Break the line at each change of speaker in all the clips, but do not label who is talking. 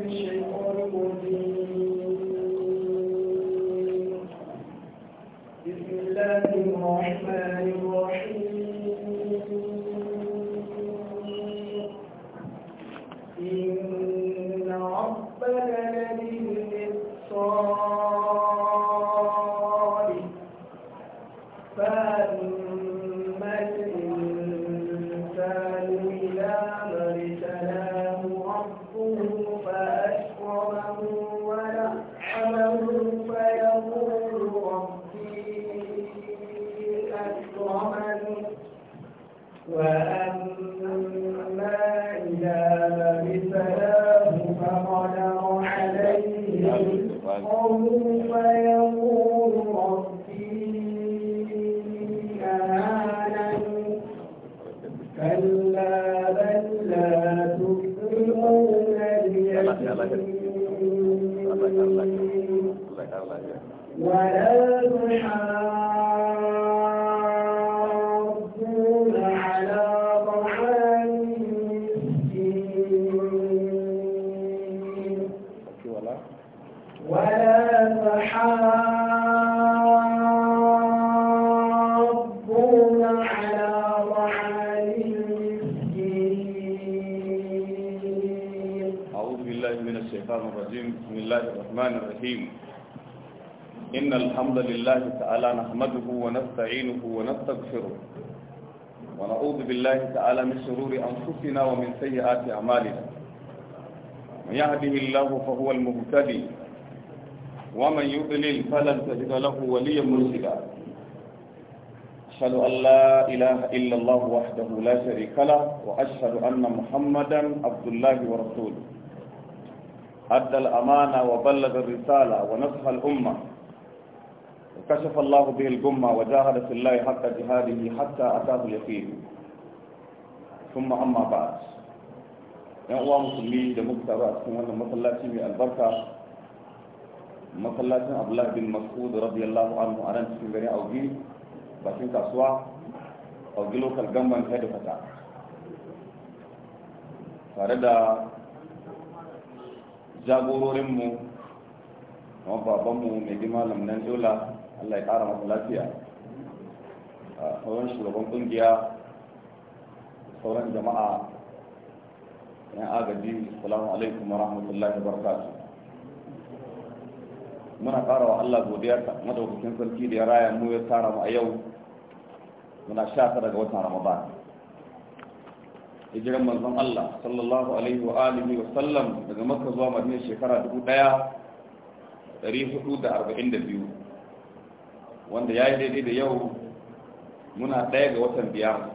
appreciate
ونستغفره ونعوذ بالله تعالى من شرور أنفسنا ومن سيئات أعمالنا من يهده الله فهو المهتدي ومن يضلل فلن تجد له وليا مرشدا أشهد أن لا إله إلا الله وحده لا شريك له وأشهد أن محمدا عبد الله ورسوله أدى الأمانة وبلغ الرسالة ونصح الأمة كشف الله به الجمة وجاهد في الله حتى جهاده حتى أتاه اليقين ثم أما بعد yan uwa musulmi da muka a cikin wannan masallaci mai albarka masallacin abdullah bin mas'ud radiyallahu anhu a nan cikin gari augi bakin kasuwa augi gamba government head fata tare da jagororinmu babanmu mai bi malam nan Allah ya ƙara masa lafiya a sauran shugaban kungiya sauran jama'a yan agaji salamu alaikum wa rahmatullahi wa barakatu. muna ƙara wa Allah godiya madaukakin sarki da ya raya mu ya tara mu a yau muna sha ta daga watan Ramadan hijiran manzon Allah sallallahu alaihi wa alihi wa sallam daga Makka zuwa Madina shekara da biyu. wanda ya yi daidai da yau muna ɗaya ga watan biyar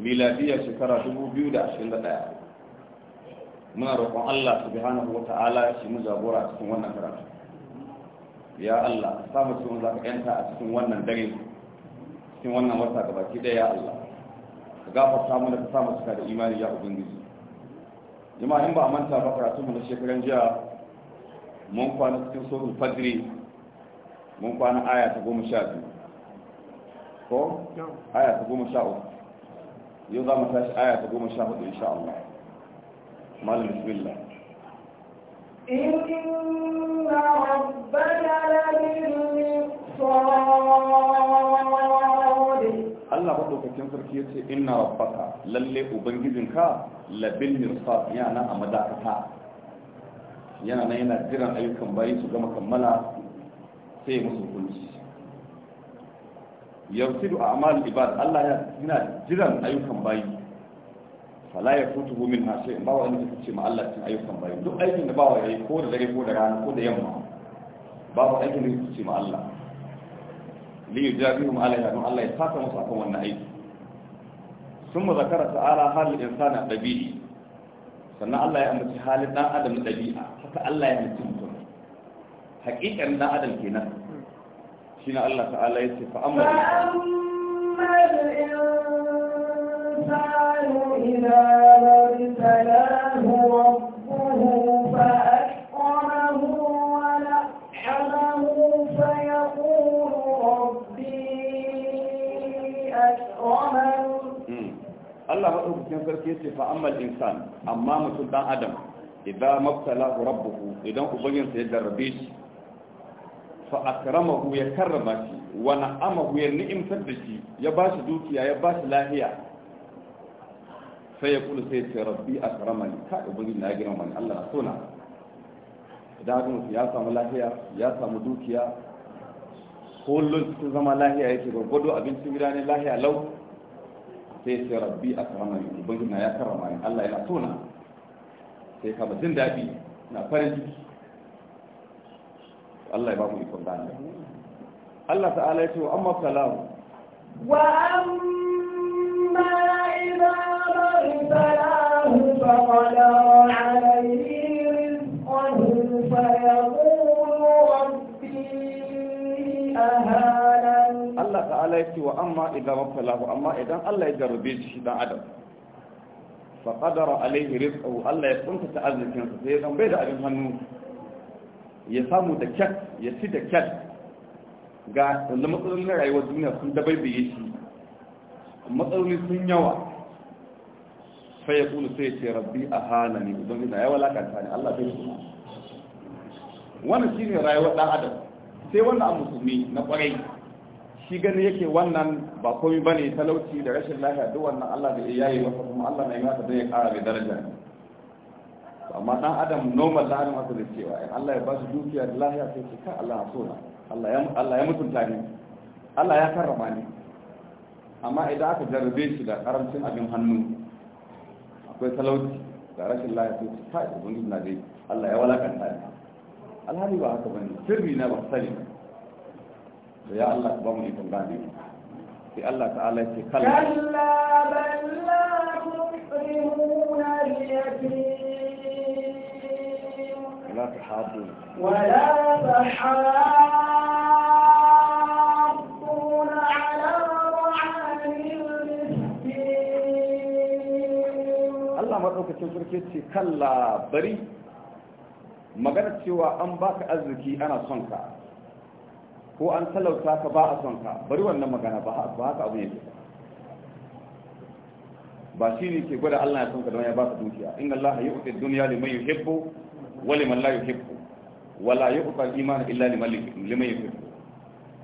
miladiyar shekara 2021 muna roƙon Allah su subhanahu wata ala shi mu jagora cikin wannan karatu ya Allah samun cikin za ka yanta a cikin wannan dare cikin wannan wata baki ɗaya ya Allah ka gafar samun da ka samun suka da imani ya ubangiji jama'a in ba a manta ba karatu mu na shekaran jiya mun kwana cikin sorun fadiri mun kwana aya ta goma sha biyu ko aya ta goma sha uku yau za mu tashi aya ta goma sha hudu insha Allah malam bismillah
inna rabbana
Allah maɗaukakin sarki ya ce ina rabbaka lalle ubangijinka labil mirsad yana a madakata yana na yana jiran ayyukan bayi su gama kammala sai ya musu hukunci yafsidu a'mal ibad Allah ya yana jiran ayyukan bayi fala yafutuhu min hashay ba wa inda kace ma Allah cin ayyukan bayi duk aikin da ba bawa yayi ko da dare ko da rana ko da yamma babu aikin da kace ma Allah li yujabihum alaiha don Allah ya saka musu akan wannan aiki summa zakara ta'ala hal insana dabi'i sannan Allah ya ambaci halin dan adam dabi'a haka Allah ya ambaci mutum Hakikar dan adam kenan شين الله تعالى أمر فأما
الإنسان إذا لبسناه ربه فأكرمه ونحمه فيقول ربي أكرمن
الله أكبر كيف يتي فأما الإنسان أمام مثل آدم إذا مبتلاه ربه إذا أبين سيد الربيش fa akramahu ya karrama shi wa na'amahu ya ni'imtar da shi ya ba shi dukiya ya ba shi lahiya sai ya kula sai ce rabbi akramani ka ubangiji na girma ni Allah na sona. Da idan haka ya samu lahiya ya samu dukiya kullum cikin zama lahiya yake gwargwado abincin gida ne lahiya lau sai ce rabbi akramani ubangiji na ya karrama ni Allah ya sona. sai ka ba jin daɗi na farin ciki Allah ya ba mu ikon gane Allah ta'ala ya ce wa amma salam
wa amma idza barzalahu fa qala alayhi rizqahu fa yaqulu rabbi ahalan Allah
ta'ala ya ce wa amma idza barzalahu amma idan Allah ya jarrabe shi dan adam fa qadara alayhi rizqahu Allah ya kunta ta'azzikin sai dan bai da abin hannu ya samu da kyat ya ci da kyat ga wanda matsalolin rayuwar duniya sun ya shi matsaloli sun yawa sai ya kulu sai ce rabbi a hana ne don yana yawa lakanta ne allah bai suna wannan shi ne rayuwar ɗan adam sai wannan a musulmi na ƙwarai shi gani yake wannan ba ba ne talauci da rashin lafiya duk wannan allah da ya yi masa kuma allah na yi masa don ya ƙara mai daraja ne amma dan adam normal dan adam aka cewa in Allah ya ba shi dukiya da lafiya sai ce ka Allah so na Allah ya Allah ya mutunta ni Allah ya karrama ni amma idan aka jarrabe shi da karamcin abin hannu akwai talauci da rashin lafiya sai ce ka ubangiji na dai Allah ya walakanta ni alhali ba haka bane sirri na ba sani da ya Allah ba mu ikon gane sai Allah ta'ala ya ce kalla
kalla bal la tukrihuna
ولا تحاضون ولا
تحاضون على طعام المسكين الله
مدعوك تزركي كلا بري maganar cewa an baka arziki ana son ka ko an talauta ka ba a son ka bari wannan magana ba haka abu ne ba shi ne ke gwada Allah ya son ka don ya baka dukiya inna Allah ya yu'ti dunya liman yuhibbu wali man la yuhibbu wala yuhibbu al-iman illa liman yuhibbu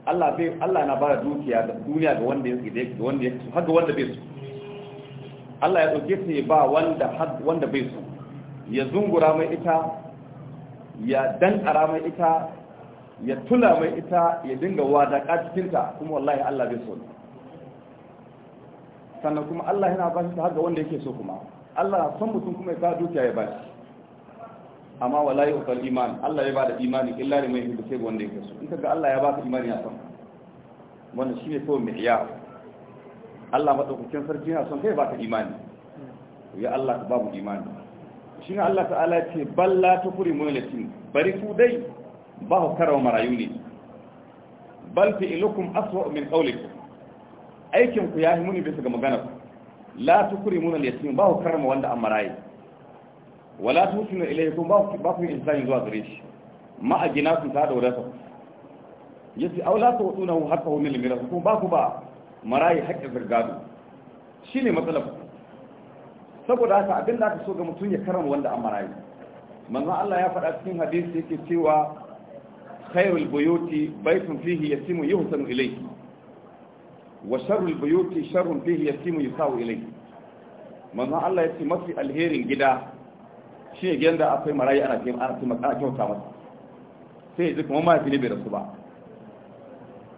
Allah bai Allah na ba dukiya da duniya ga wanda yake da wanda yake har ga wanda bai so Allah ya dauke ta ba wanda har wanda bai so ya zungura mai ita ya ara mai ita ya tula mai ita ya dinga ka cikin ta kuma wallahi Allah bai so sannan kuma Allah yana ba shi har ga wanda yake so kuma Allah son mutum kuma ya ba dukiya ya ba shi amma wala yi ukal iman Allah ya ba da imani illa ne mai hindu sai wanda ya kasu in kaga Allah ya ba ka imani a son shi ne kawai mi'ya Allah madaukakin sarki ya son kai ba ka imani ya Allah ka ba mu imani ne Allah ta'ala ce balla tukuri mulatin bari ku dai ba ku karawa marayu ne bal fi ilukum aswa min qawlikum aikin ku yahi muni bisa ga magana la al-yatim ba ku karama wanda an maraye. wala suna ilai kuma ba su ku insani zuwa gare shi ma a gina sun tada wadata yace aw la tu'tuna haqqahu hu al-miras kuma ba ku ba marayi haƙƙin Shi ne matsalar saboda haka abin da aka so ga mutum ya karama wanda an marayi manzo Allah ya faɗa cikin hadisi yake cewa khairul buyuti baytun fihi yatimu yuhsanu ilayhi wa sharrul buyuti sharrun fihi yatimu yusawu ilayhi manzo Allah ya yace mafi alherin gida shi ne gidan da akwai marayi ana kyauta masa sai ya kuma mafi ne bai rasu ba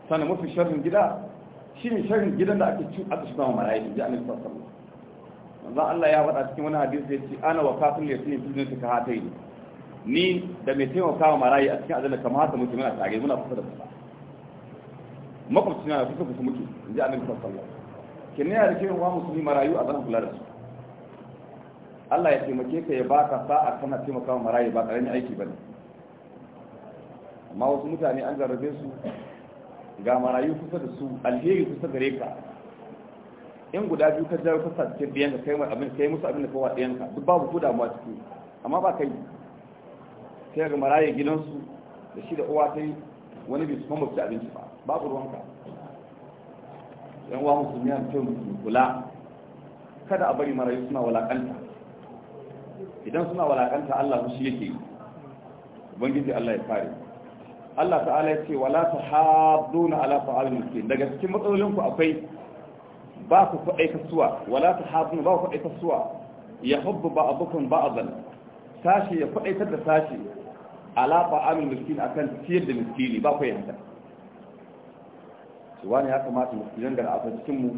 sannan mafi sharrin gida shi ne sharrin gidan da ake ci aka shiga marayi da ji annabi sallallahu alaihi Allah ya faɗa cikin wani hadisi ya ce ana wa kafin ya sinin sujin ka hata yi ni da mai taimaka wa marayi a cikin azalla kamar haka muke muna tare muna kusa da kusa makwabci na kusa kusa muke in ji annabi sallallahu alaihi kenan ya rikin wa musulmi marayu a zan kula da su Allah ya taimake ka ya baka sa'a kana taimaka wa marayi ba karamin aiki bane amma wasu mutane an garrabe su ga marayu kusa da su alheri kusa gare ka in guda biyu ka jawo kusa cikin ka kai mai abin kai musu abin da kowa ka duk babu ko damuwa ciki amma ba kai sai ga marayi gidansu da shi da uwa ta yi wani bai su kuma ci abinci ba babu ruwan ka. yan uwa musulmi a cikin kula kada a bari marayu suna walakanta idan suna walakanta Allah mushi yake ubangiji Allah ya kare Allah ta'ala ya ce wala tahadduna ala ta'al miskin daga cikin matsalolin ku akwai ba ku kuɗai kasuwa wala tahadduna ba ku kuɗai kasuwa ya hubbu ba'dukum ba'dan sashi ya ta da sashi ala ta'al miskin akan ciyar da miskini ba ku yanta cewa ne ya kamata miskinan da a cikin mu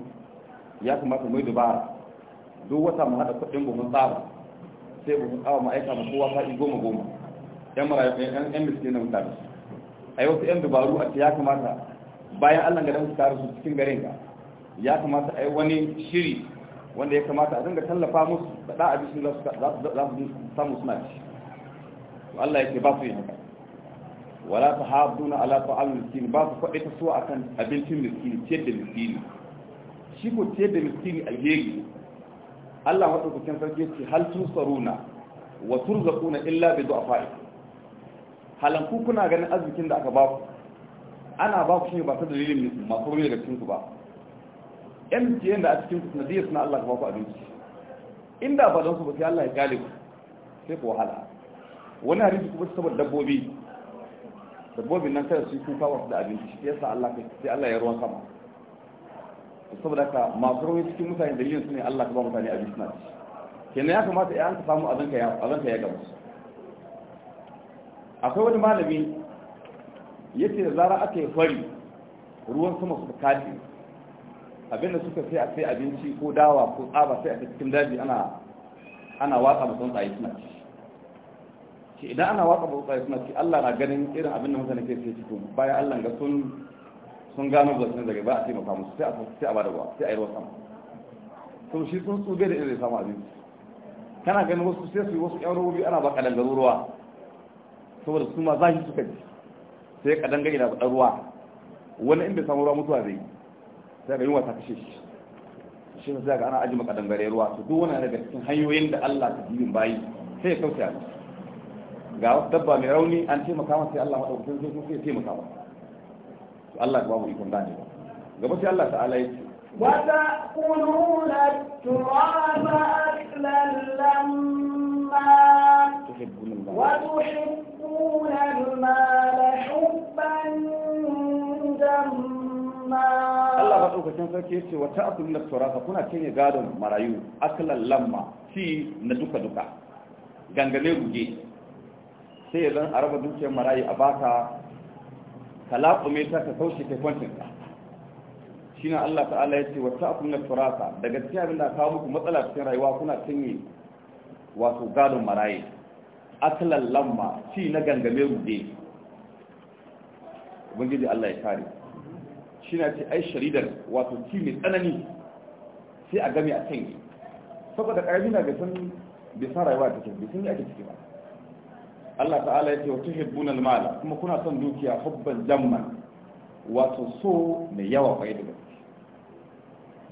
ya kamata mu yi dubara duk wata mu haɗa kuɗin mu mun tsara sai mu awa mu yan marayu yan yan a ya kamata bayan Allah ga dan su tare su cikin garin ka ya kamata a yi wani shiri wanda ya kamata a dinga tallafa musu da da a za su za su samu suna ci Allah yake ba su yi haka wala ala ta'al miskin ba su faɗi ta so akan abincin miskin ciyar da miskin shi ko ciyar da miskin alheri Allah madaukakin sarki ce hal tusaruna wa turzaquna illa bi du'afa'i halan ku kuna ganin arzikin da aka ba ku ana ba ku shi ba ta dalilin masu ruwa da cikin ku ba yan ciyen da a cikin ku nadiyar suna Allah ka ba ku abinci inda ba don su ba sai Allah ya gale ku sai ku wahala wani hadisi kuma saboda dabbobi dabbobin nan kada su kuka wasu da abinci yasa Allah sai Allah ya ruwan sama saboda ka masu rauni cikin mutane dalilin su ne Allah ka ba mutane abin suna Ke kenan ya kamata ya ka samu abin ka ya gamsu akwai wani malami ya ce da zara aka yi fari ruwan sama su kaji abinda suka sai a sai abinci ko dawa ko tsaba sai a cikin daji ana ana watsa ba yi suna ci idan ana watsa ba tsuntsaye suna ci Allah na ganin irin abin da mutane ke sai cikin bayan Allah ga sun sun gano blessing daga ba a taimaka musu sai a sai a ba da ba sai a yi ruwa sama to shi sun tsuge da irin samu abinci kana ganin wasu sai su yi wasu yan rubi ana ba kadan ruwa saboda su ma zahi suka ji sai kadan gari na faɗa ruwa wani inda samu ruwa mutuwa zai sai ga yunwa ta kashe shi shi ne sai ga ana ajima kadan gare ruwa to duk wani daga cikin hanyoyin da Allah ta jibin bayi sai ya kauce ga wasu dabba mai rauni an taimaka masa sai Allah madaukakin sai sun sai taimaka masa Allah ba mu ikon gane gaba sai Allah ta'ala ya ce
وتأكلون التراب أكلا لما وتحبون المال حبا Allah ba
sarki ya ce wa ta akulun da kuna cinye gadon marayu aklan lamma ci na duka-duka gangane ruge sai zan a raba dukiyar marayu a baka ka laƙume ta ka kaushe kai kwancin ka na Allah ta'ala ya ce wata akun na turasa daga cikin abin da kawo muku matsala cikin rayuwa kuna cinye wato gadon maraye akalan lamma ci na gangame rude ubangiji Allah ya kare shi na ce ai sharidar wato ci mai tsanani sai a game a cinye saboda ƙarfi na bisan bisan rayuwa ta ke bisan yi ake ciki ba Allah ta'ala ya ce wa tuhibbuna al-mal kuma kuna son dukiya hubban jamman wato so mai yawa kwai da gaske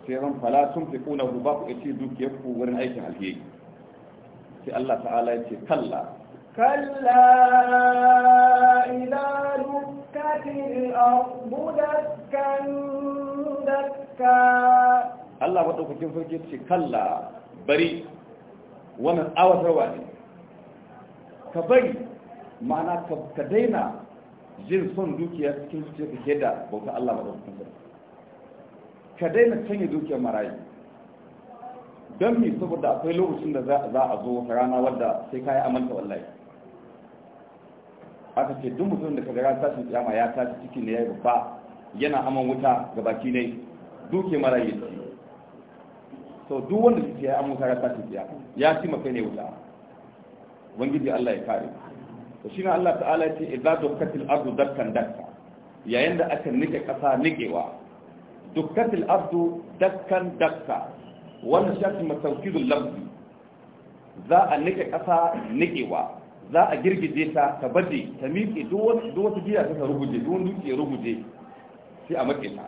sai ran fala sun fi kuna ku ba ku ce dukiya ku wurin aikin alheri sai Allah ta'ala ya ce kalla
kalla ila dukkatil ardu dakkan dakka
Allah madaukakin sarki ce kalla bari wannan awatarwa ne ka bari ma'ana ka daina jin son dukiya cikin zuciya ka ke da bauta Allah ba don kuma ka daina canye dukiyar marayu don mi saboda akwai lokacin da za a zo rana wadda sai ka yi amalta wallahi aka ce duk mutum da kaga ran tashin kiyama ya tashi ciki ne ya yi babba yana aman wuta ga baki ne duke marayu ya ci so duk wanda ya yi aman wuta ran tashin kiyama ya ci makai ne wuta ubangiji Allah ya kare to shine Allah ta'ala ce idza dukkatil ardu dakkan dakka yayin da aka nike kasa nikewa dukkatil ardu dakkan dakka wannan shafi matawkidul lafzi za a nike kasa nikewa za a girgije ta ta baje ta miƙe duk wata gida ta rubuje duk wani dutse rubuje sai a maƙe ta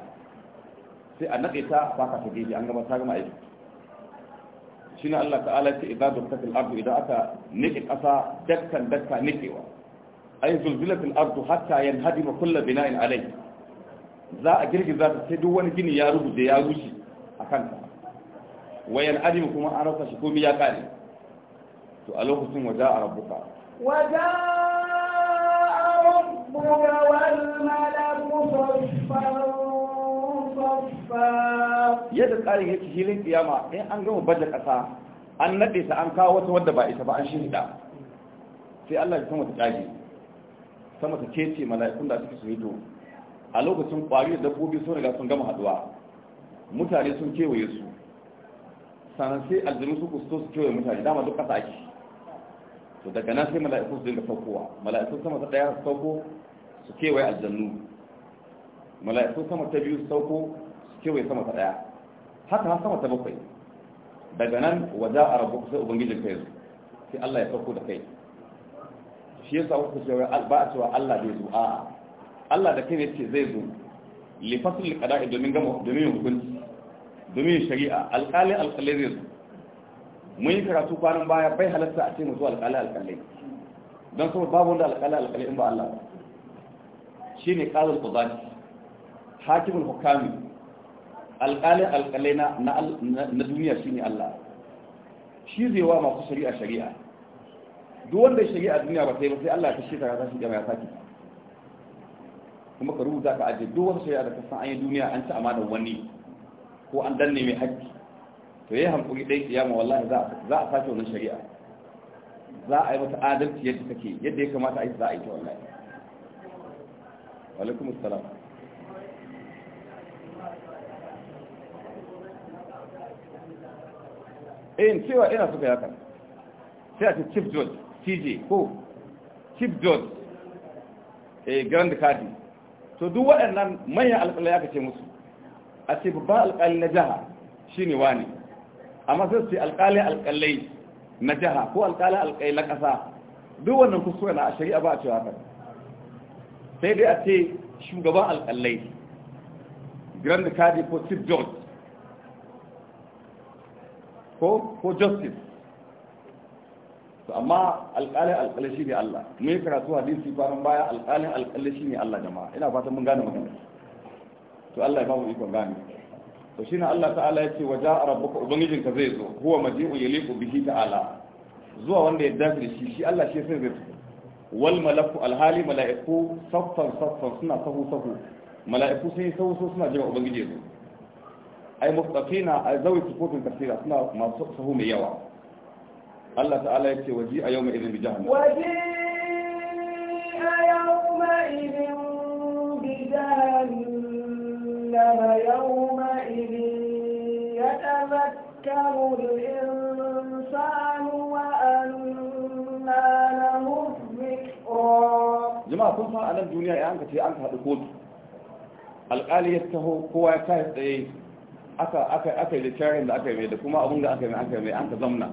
sai a naƙe ta ba ka ta gefe an gama ta gama aiki shine Allah ta'ala ce idza dukkat ardu idan aka nike kasa dakkan dakka nikewa ay zulzilat al-ardu hatta yanhadima kullu bina'in alayh za a girgiza ta sai duk wani gini ya rubuce ya rushe akan ta wayan adim kuma an rasa shi komai ya kare to a lokacin waja a rabbuka
waja rabbuka wal malaku
yadda tsarin ya ci hilin kiyama in an gama baje kasa an nade ta an kawo wata wadda ba ita ba an shirya sai Allah ya sama ta tsage sama ta kece mala'ikun da suke suhito a lokacin kwari da dabbobi sun riga sun gama haduwa mutane sun kewaye su sannan sai aljanu su ku su kewaye mutane dama duk kasa ake to daga nan sai mala'ikun su dinga saukowa mala'ikun sama ta daya su sauko su kewaye aljanu. mala'iku sama ta biyu sauko kewaye sama ta daya haka sama ta bakwai daga nan waje a rabu sai ubangijin kai sai Allah ya sauko da kai shi yasa kuka cewa ba a cewa Allah bai zo a Allah da kai ne ce zai zo li fasl qada'i domin gama domin hukunci domin shari'a alƙali alƙalai zai zo mun yi karatu kwanan baya bai halatta a ce mu zo alƙali alƙalai don saboda babu wanda alƙali alƙalai in ba Allah ba shine qazul qudati hakimul hukami alƙalin alƙalai na duniya shi ne Allah shi zai wa masu shari'a shari'a duk wanda shari'a duniya ba ta yi ba sai Allah ya kashe ta ya tashi jama'a saki kuma ka rubuta ka ajiye duk wata shari'a da ka san an yi duniya an ci amanar wani ko an danne mai haƙƙi to yayi hankuri dai kiyama wallahi za za a sake wannan shari'a za a yi mata adalci yadda take yadda ya kamata a yi za a yi ta wallahi wa alaikumus salam eh cewa ina suka yaka sai a ce chief judge tj ko chief judge eh grand cardi to duk waɗannan manyan alƙalai aka ce musu a ce babban alƙali na jiha shi ne wani amma sai su ce alƙalai alƙalai na jiha ko alƙalai alƙalai na ƙasa duk wannan kusa na a shari'a ba a cewa haka sai dai a ce shugaban alƙalai grand cardi ko chief judge ko ko justice to amma alƙalin alƙalin shi ne Allah ne yi karatu hadisi kwanan baya alƙalin alƙalin shi ne Allah jama'a ina fatan mun gane magana to Allah ya ba mu ikon gane to shi ne Allah ta'ala ya ce wa ja'a rabbuka ubangijinka zai zo huwa maji'u yaliqu bihi ta'ala zuwa wanda ya dace da shi shi Allah shi sai zai zo wal malaku alhali mala'iku saffan saffan suna sahu sahu mala'iku sai sahu sahu suna jira ubangiji zo أي مستقينا ذوي صفوت التفسير أثناء ما صفه ميوع قال تعالى يتي وجيء يومئذ بجهنم
وجيء يومئذ بجهنم يومئذ يتذكر الإنسان وأنا له الذكرى
جماعة صفة أنا الدنيا يعني أنك هذا قلت القال يستهو قوة يستهو aka yi da yi littarin da aka yi mai da kuma abin da aka yi mai yi an ka zamna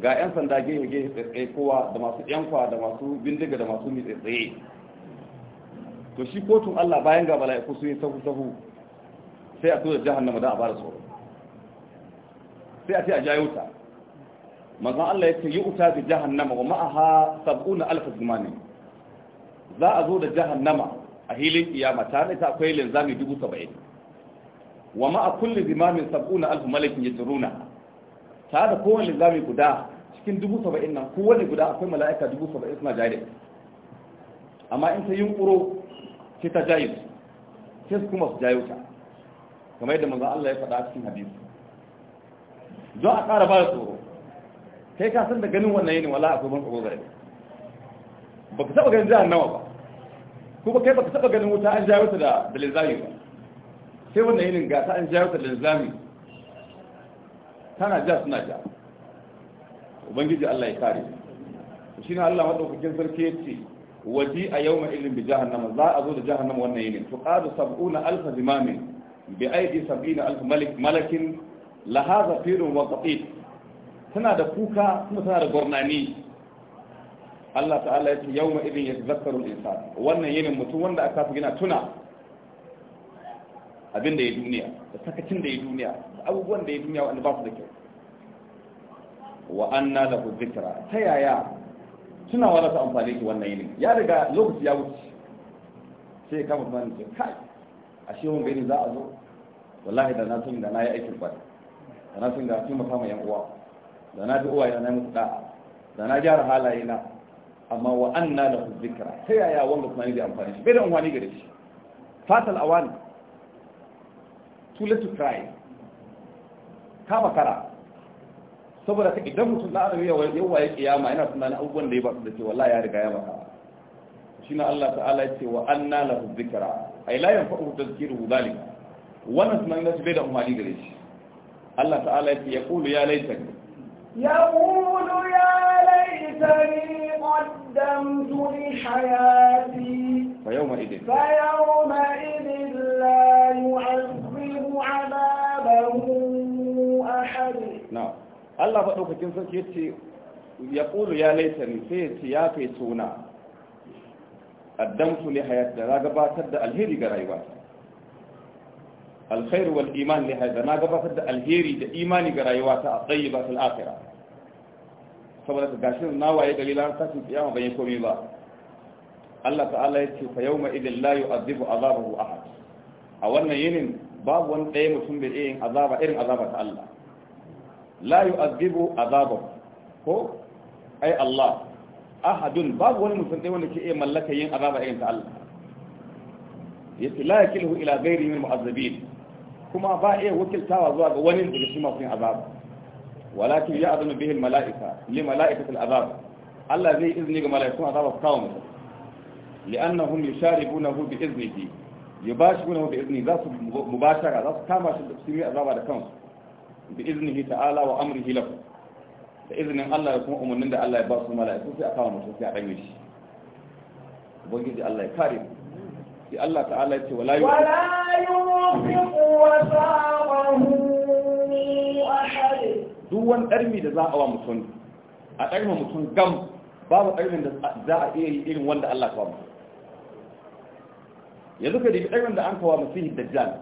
ga 'yan sanda gehe tsaye kowa da masu yankwa da masu bindiga da masu mai tsaye to shi kotun Allah bayan ga bala'iku sun yi sahu sahu sai a tura jahannama da a bada tsoro sai a ce a jayo ta manzon Allah ya ce yi uta jihar nama wa ma'aha sab'una alf zumani za a zo da nama a hilin kiyama tare ta akwai linzami dubu saba'in wa ma ma'a kulli zimamin na alf malakin yajruna ta da kowane zami guda cikin dubu saba'in nan kowane guda akwai mala'ika dubu saba'in suna jayi amma in ta yi yunkuro ce ta jayi ce su kuma su jayo ta kamar yadda manzon Allah ya faɗa cikin hadisi don a ƙara ba da tsoro kai ka san da ganin wannan yini wala akwai ban tsoro gare baka taɓa ganin jihar nawa ba kuma kai baka taɓa ganin wuta an jayo ta da da linzami ba sai wannan yinin gasa an jawo ta linzami tana ja suna ja ubangiji Allah ya kare shi na Allah madaukakin sarki ya ce waji a yau mai ilin bi jahannama za a zo da jahannama wannan yinin to qadu sab'una alf zimamin bi aidi sab'ina alf malik malakin lahaza zafirun wa qatit tana da kuka kuma tana da gornani Allah ta'ala ya ce yau ma ilin ya zakaru insan wannan yinin mutum wanda aka fi gina tuna abin da ya duniya da sakacin da ya duniya da abubuwan da ya duniya wanda ba su da kyau wa anna lahu dhikra ta yaya tunawa wa ta amfani ki wannan yini ya daga lokaci ya wuce sai ya kama tunanin ce kai a shi wanga gani za a zo wallahi da na sun da na yi aikin bari da na sun da sun mata ma yan uwa da na fi uwa yana musu da'a da na gyara halaye na amma wa anna lahu dhikra ta yaya wanga tunani da amfani shi bai da amfani gare shi fatal awani too late to cry ka makara saboda ta idan mutum na adam yawa ya kiyama yana tunanin abubuwan da ya basu da ke wallahi ya riga ya maka shi na Allah ta'ala ya ce wa anna lahu dhikra ay la yanfa'u da dhalika wannan sunan da bai da umali gare shi Allah ta'ala ya ce ya qulu ya laitani
يقول يا ليتني قدمت لحياتي فيومئذ فيومئذ
na Allah faɗaukakin sarki yace ya ƙulu ya laita ni sai yace ya kai tona addamtu li hayat da na gabatar da alheri ga rayuwata. alkhair wal iman li hayat da na gabatar da alheri da imani ga rayuwa ta a tayyibatul akhirah saboda ka gashin na waye dalilan tashin kiyama ban yi komai ba Allah ta'ala ya ce fa yawma idin la yu'adhibu azabahu ahad a wannan yinin babu wani ɗaya mutum bai iya yin azaba irin azaba ta Allah la yu'adhibu azabahu ko ai Allah ahadun babu wani mutum wanda ke iya mallaka yin azaba irin ta Allah yace la yakilhu ila ghairi min mu'azzabin kuma ba iya wakiltawa zuwa ga wani daga cikin masu yin azaba walakin ya bihi al-mala'ika li mala'ikati al-azab Allah zai izini ga mala'ikun azaba su kawo mutum li'annahum yusharibunahu bi iznihi yubashirunahu bi izni za su mubashara za su kama shi da su yi azaba da kansu bi iznihi ta'ala wa amrihi lahu da izinin Allah ya kuma umarnin da Allah ya ba su mala'iku sai a kawo mutum sai a dame shi ubangiji Allah ya kare mu sai Allah ta'ala ya ce wala yu wala
yuqiqu wasaqahu ahad
duk wani ɗarmi da za a wa mutum a darma mutum gam babu darmin da za a iya yi irin wanda Allah ya ba mu yanzu ka dibi darmin da an kawo mutum dajjal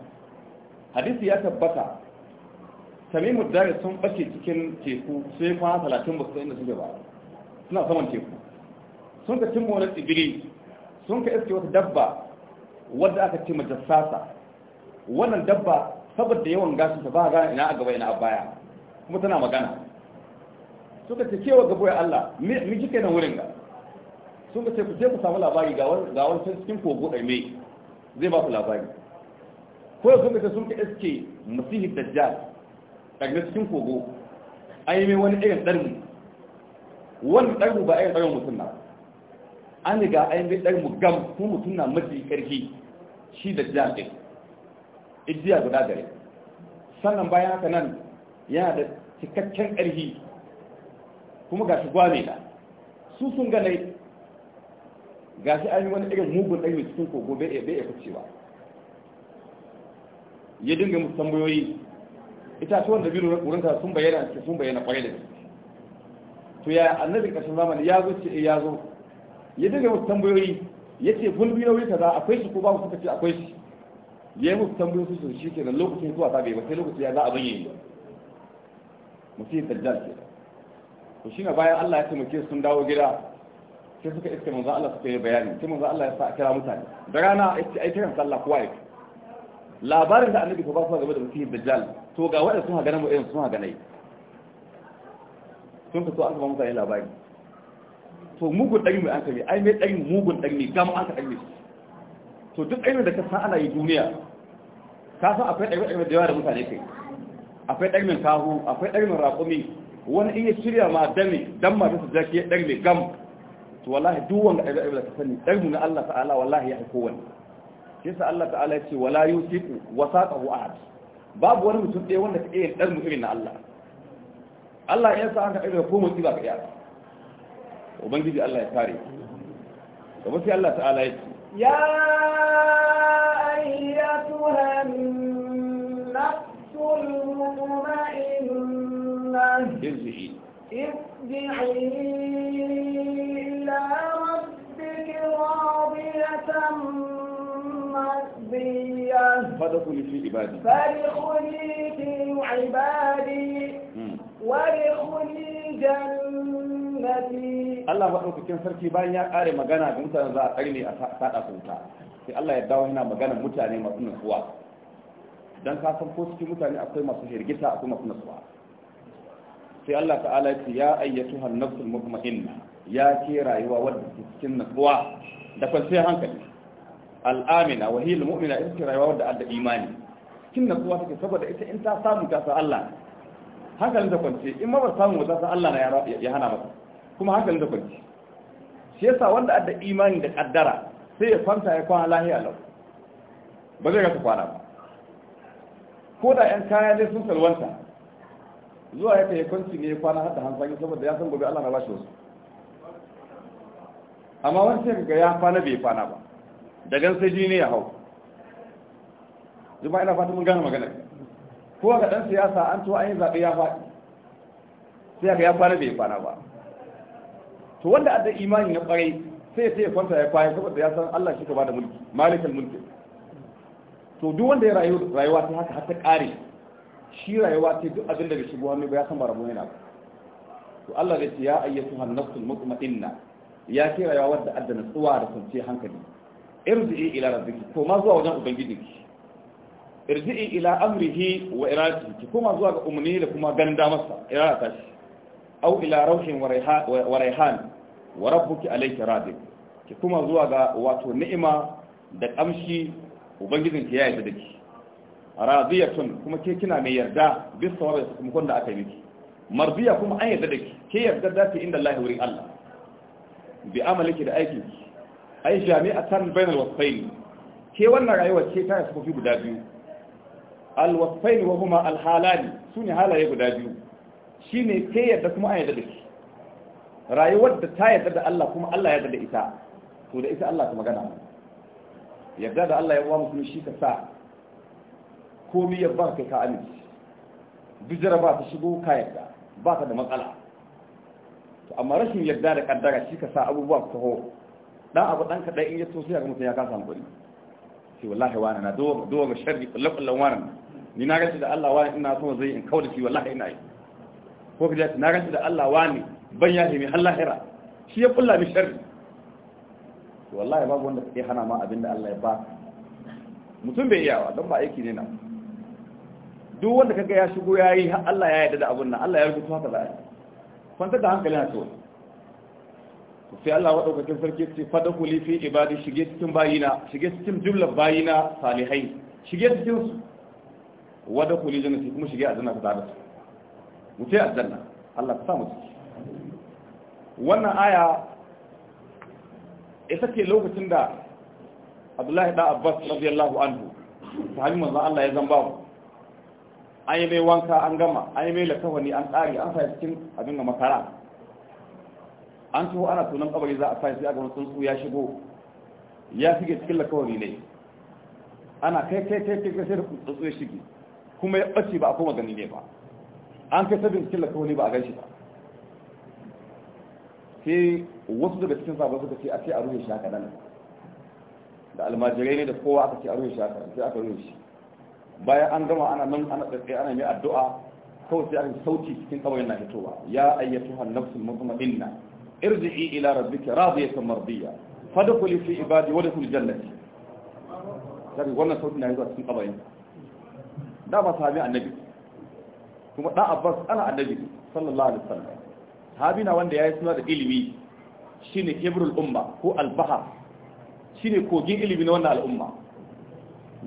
hadisi ya tabbata tamimu ya sun bace cikin teku sai kwana talatin ba su inda suke ba suna saman teku sun ka cimma wani tsibiri sun ka iske wata dabba wadda aka ce majassasa wannan dabba saboda yawan gashin ta ba gane ina a gaba ina a baya kuma tana magana sun ka ce wa gabo ya Allah mi kike nan wurin ga sun ka ce ku je ku samu labari ga wani cikin kogo ɗaime zai ba ku labari ko sun ka ce sun ka iske masihi dajjal daga cikin kogo an yi mai wani irin ɗarmu wani ɗarmu ba irin ɗarmu mutum na an ga an yi mai ɗarmu gam kuma mutum na mafi ƙarfi shi da jiya ɗin ijiya guda gare sannan bayan haka nan yana da cikakken ƙarfi kuma ga shi gwame na su sun ganai ga shi an yi wani irin mugun ɗarmu cikin kogo bai iya ficewa ya dinga musu tambayoyi itatuwan da biyu wurinka sun bayyana sun bayyana kwaye da to ya annabi ƙarshen zamani ya zo ce eh, ya zo ya dinga musu tambayoyi ya ce gulbi na wuri kaza akwai shi ko ba suka ce akwai shi ya yi musu tambayoyi su shi ke nan lokacin zuwa ta bai ba sai lokacin ya za a bayyana mutum ya dajjal ke to shi na bayan Allah ya taimake sun dawo gida sai suka iska manzo Allah suka yi bayani sai manzo Allah ya sa kira mutane da rana ai kiran sallah kowa ya labarin da annabi ko ba su game da mutum dajjal to ga waɗanda sun hagana irin sun hagana sun so aka ba mutane labari to mugun ɗari mai an kame ai mai ɗari mugun ɗari ne gama aka ɗari to duk ɗari da ka san ana yi duniya ka san akwai ɗari ɗari da yawa da mutane kai akwai ɗari mai kahu akwai ɗari mai raƙumi wani iya shirya ma dami dan ma su zaki ɗari mai gam to wallahi duk wanda ɗari ɗari da ka sani ɗari na Allah ta'ala wallahi ya haiko wani shi yasa Allah ta'ala ya ce wala yusiku wasaqahu ahad babu wani mutum ɗaya wanda ka iya yin ɗarmu irin na Allah Allah ya sa an ka irin ko motsi ba ka iya ubangiji Allah ya kare gaba sai Allah ta'ala ya ce
ya ayyatuhan nafsul mutma'innah irji'i irji'i ila rabbiki radiyatan
القبطية فادخلي في عبادي فادخلي
في عبادي وادخلي جنتي
الله maɗaukakin sarki bayan ya ƙare magana ga mutanen za a ƙarni sai Allah ya dawo yana magana mutane masu nutsuwa ka san ko cikin mutane akwai masu hirgita akwai masu nutsuwa sai Allah ta'ala ya ce ya ayyatu mutma'inna ya ke rayuwa wadda cikin nutsuwa da kwanciyar hankali al'amina wa hiya almu'mina ita ce rayuwa wadda adda imani kin da kuwa take saboda ita in ta samu ta sa Allah hankalin ta kwance in ma ba samu ta sa Allah na ya hana mata kuma hankalin ta kwance shi yasa wanda adda imani da kaddara sai ya kwanta ya kwana lahiya lau ba zai ta kwana ba ko da yan kaya ne sun salwanta zuwa ya kai kwanci ne ya kwana hada hansani saboda ya san gobe Allah na bashi wasu amma wani sai ga ya kwana bai kwana ba da gan sai jini ya hau jama'a ina fata mun gane magana ko ga dan siyasa an to an yi zaɓe ya faɗi sai ga ya fara bai fara ba to wanda adda imani ya ƙwarai sai sai ya kwanta ya kwaya saboda ya san Allah shi ka bada mulki malikul mulki to duk wanda ya rayu rayuwa ta haka har ta ƙare shi rayuwa ta duk abin da shi buwa mai ba ya san barabu yana ba to Allah zai ce ya ayyatu hannatul mutma'inna ya ce rayuwa wadda adda natsuwa da kwanciyar hankali irzi'i ila rabbiki ma zuwa wajen ubangijinki irzi'i ila amrihi wa iratihi ki zuwa ga umarni da kuma ganda masa irata shi au ila rauhin wa raihan wa rabbuki alayka radi ki kuma zuwa ga wato ni'ima da kamshi ubangijin ki ya yarda dake radiyatun kuma ke kina mai yarda bisa sawabin kuma kun da aka yi miki marbiya kuma an yarda dake ke yarda da ta inda Allah wurin Allah bi amaliki da aikin ki ai jami'atan bainal wasfain ke wannan rayuwar ce ta sufofi guda biyu wasfain wa huma alhalani sune halaye guda biyu shine ke yadda kuma an yadda da shi rayuwar da ta yadda da Allah kuma Allah ya yadda da ita to da ita Allah ta magana mu yadda da Allah ya wa mutum shi ka sa komai ya ba kai ka aminci bijira ba ta shigo ka yadda ba ka da matsala to amma rashin yadda da kaddara shi ka sa abubuwa su taho dan abu dan kaɗai in ya so sai ga mutum ya kasa hankali sai wallahi wani na dowa ga sharri kullakullan wani ni na gashi da Allah wani ina so zai in kawo da shi wallahi ina yi ko ka na gashi da Allah wani ban ya himi Allah hira shi ya kulla mi sharri to wallahi babu wanda kake hana ma abinda Allah ya ba mutum bai iyawa don ba aiki ne na duk wanda kaga ya shigo yayi har Allah ya yarda da abun nan Allah ya rubuta haka za a yi kwanta da hankali na to sai Allah madaukakin sarki ce fada kuli fi ibadi shige cikin bayina shige cikin jumla bayina salihai shige cikin su wada kuli jannati kuma shige aljanna ka zaba su mu ce aljanna Allah ta samu ciki wannan aya ita ce lokacin da Abdullahi da Abbas radiyallahu anhu sahabi manzo Allah ya zamba mu an yi mai wanka an gama an yi mai lakawani an tsari an sa cikin abin da makara an tuho ana tunan kabari za a sa sai a wani tsuntsu ya shigo ya shige cikin lakawari ne ana kai kai kai kai sai da tsuntsu ya shige kuma ya ɓace ba a koma gani ne ba an kai sabin cikin lakawari ba a gan shi ba sai wasu daga cikin sabon suka ce a ce a rufe shi haka nan da almajirai ne da kowa aka ce a rufe shi haka sai aka rufe shi bayan an gama ana nan ana tsaye ana mai addu'a kawai sai aka sauti cikin kawai na fitowa ya ayyatu hannafsul mutmainna irji'i ila rabbika radiyatan mardiya fadkhuli fi ibadi wa dakhul jannati sai wannan sautin na zuwa cikin kabarin da ba sami annabi kuma da Abbas ana annabi sallallahu alaihi wasallam sahabi na wanda yayi suna da ilimi shine hibrul umma ko albaha shine kogin ilimi na wannan al'umma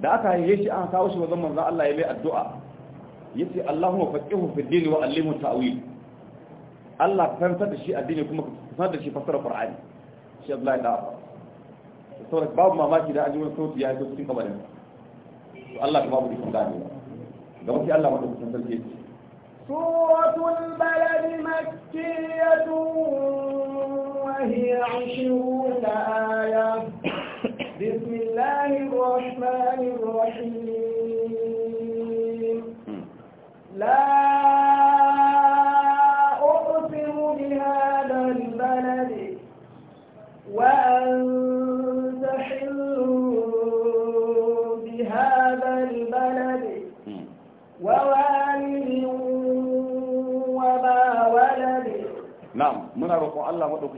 da aka haife shi an kawo shi wajen manzon Allah ya mai addu'a yace Allahumma faqihu fid din wa allimhu ta'wil Allah ka fahimtar da shi addini kuma ka sanar da shi fasara Qur'ani shi Abdullahi da Abba saboda babu mamaki da an ji wani sauti ya yi cikin kabarin to Allah ka babu ikon gane ga wasu Allah ma da sarki
سورة البلد مكية وهي عشرون آية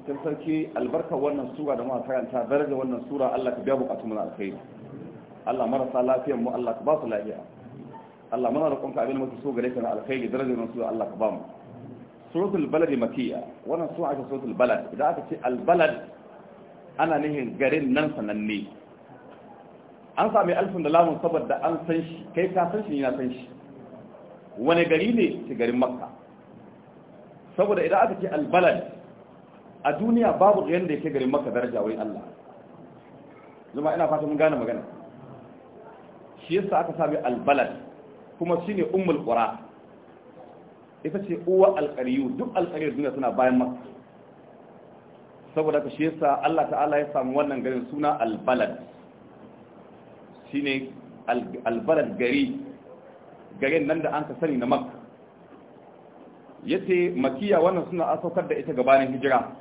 madaukakin sarki albarkar wannan sura da muka karanta daraja wannan sura Allah ka biya bukatun mu na alkhairi Allah marasa lafiyar mu Allah ka ba su lafiya Allah muna roƙon ka abin mutu so gare ka na alkhairi daraja wannan sura Allah ka ba mu suratul balad makiyya wannan sura ake suratul balad idan aka ce albalad ana nihin garin nan sananne an sami alfin da lamun saboda an san shi kai ka san shi ni na san shi wani gari ne ke garin makka saboda idan aka ce albalad a duniya babu gayan da yake garin maka daraja wurin Allah zama ina fata mun gane magana shi yasa aka sami albalad kuma shine umul qura ita ce uwa alqariyu duk alqariyar duniya suna bayan maka saboda ka shi yasa Allah ta'ala ya samu wannan garin suna albalad shine albalad gari garin nan da an ka sani na makka yace makiya wannan suna asaukar da ita gabanin hijira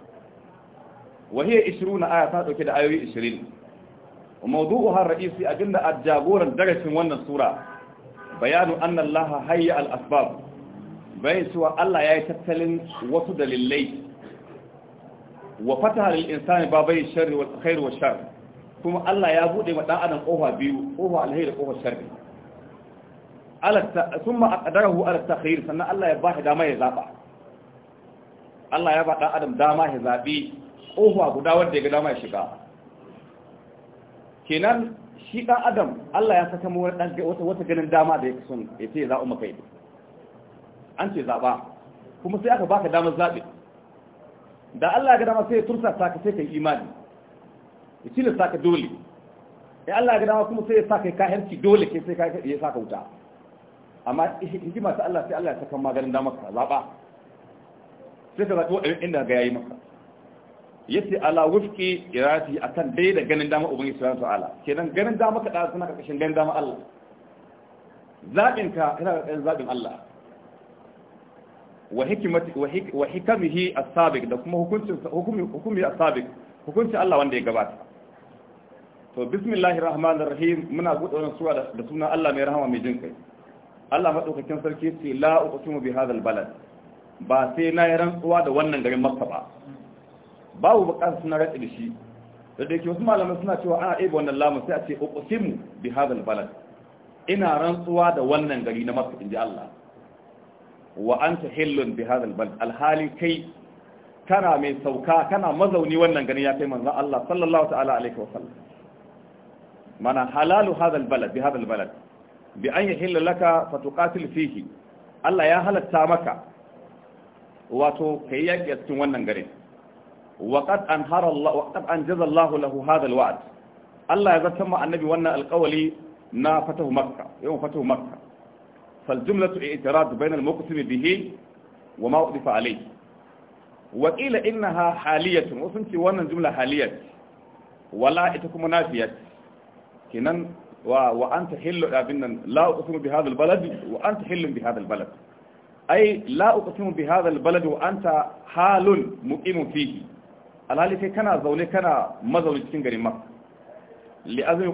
wahiyar ishiru na aya ta ɗauke da ayoyi ishirin mawdu'u har ra'isi abinda a jagoran darasin wannan sura bayanu anna Allah al-asbab bayan cewa Allah ya yi tattalin wasu dalilai wa fataha lil insani babai sharri wal khair wa kuma Allah ya bude wa dan adam kofa biyu kofa alheri da ala sannan Allah ya ba shi dama ya Allah ya ba dan adam dama ya zabi tsohuwa guda wanda ya ga dama shiga kenan shi ɗan adam Allah ya saka mu wata ganin dama da ya son ya ce za'u maka ido an ce zaɓa kuma sai aka baka damar zaɓe da Allah ya ga dama sai ya tursa saka sai yi imani ya cile saka dole ya Allah ya ga dama kuma sai ya saka kayanci dole ke sai ya saka wuta amma hikima ta Allah sai Allah ya saka maganin damar ka zaɓa sai ka zaɓi inda ga yayi maka yace ala wufqi irati akan dai da ganin dama ubangi subhanahu ta'ala kenan ganin dama ka da suna karkashin ganin dama Allah zabin ka kana da zabin Allah wa hikmati wa hikamihi as-sabiq da kuma hukuncin hukumi hukumi as-sabiq hukuncin Allah wanda ya gabata to bismillahir rahmanir rahim muna buɗe wannan sura da sunan Allah mai rahama mai jin kai Allah madaukakin sarki ce la uqsimu bi hadha al-balad ba sai na yi rantsuwa da wannan garin Makka ba babu bukatar suna ratsa da shi da da yake wasu malamai suna cewa ana ɗaya wannan lamun sai a ce uqsimu bi hadal balad ina rantsuwa da wannan gari na Makka inji Allah wa anta hillun bi hadal balad alhali kai kana mai sauka kana mazauni wannan gari ya kai manzon Allah sallallahu ta'ala alaihi wa sallam mana halalu hadal balad bi hadal balad bi an yahilla laka fatuqatil fihi Allah ya halatta maka wato kai yaki a cikin wannan garin وقد أنهر الله وقد أنجز الله له هذا الوعد الله يزتم النبي وانا القولي نا فتح مكة يوم فتح مكة فالجملة اعتراض بين المقسم به وما أضف عليه وقيل إنها حالية وسنتي وانا الجملة حالية ولا إتكم نافية كنن و... وأنت حل لا أقسم بهذا البلد وأنت حل بهذا البلد أي لا أقسم بهذا البلد وأنت حال مقيم فيه alhali kai kana zaune kana mazauni cikin garin makka li azumi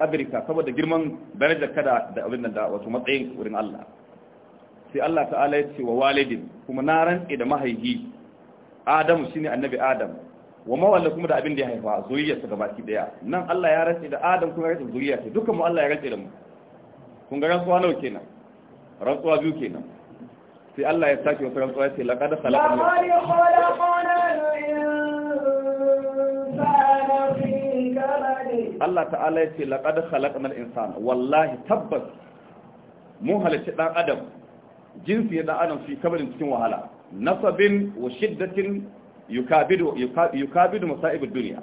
qadrika saboda girman darajar kada da abin da wato matsayin wurin Allah sai Allah ta'ala ya ce wa walidin kuma na rantse da mahaifi. Adamu shine annabi Adam wa mawalla kuma da abin da ya haifa zuriyarsa gabaki daya nan Allah ya rantsi da Adam kuma ya rantsi zuriyarsa dukan mu Allah ya rantsi da mu kun ga rantsuwa nawa kenan rantsuwa biyu kenan sai Allah ya sake wata rantsuwa ya ce laqad
khalaqna
Allah ta'ala ya ce laqad khalaqnal insana wallahi tabbas mun halicci ɗan adam jinsi ɗan adam shi kabarin cikin wahala nasabin wa shiddatin yukabidu yukabidu masa'ibid dunya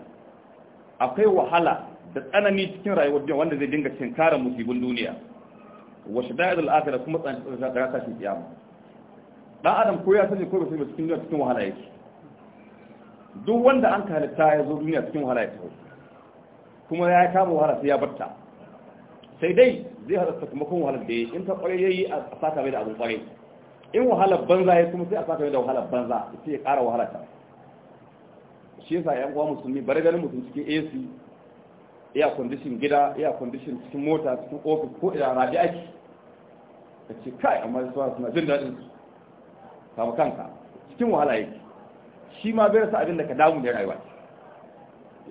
akwai wahala da tsanani cikin rayuwar duniya wanda zai dinga cikin tinkara musibin duniya wa shada'idul akhirah kuma tsanani da kashin kiyama ɗan adam ko ya sani ko ba sai cikin cikin wahala yake duk wanda an ka halitta ya zo duniya cikin wahala ya yake kuma ya kama wahala sai ya batta sai dai zai hada sakamakon wahalar da ya in ta ƙwarai ya yi a saka mai da abin ƙwarai in wahalar banza ya kuma sai a saka mai da wahalar banza sai ya ƙara wahala ta shi yasa yan uwa musulmi bare ganin mutum cikin AC iya condition gida iya condition cikin mota cikin ofis ko ina rabi ake ka ce kai amma su suna jin daɗin su kama kanka cikin wahala yake shi ma bai rasa abin da ka damu da rayuwa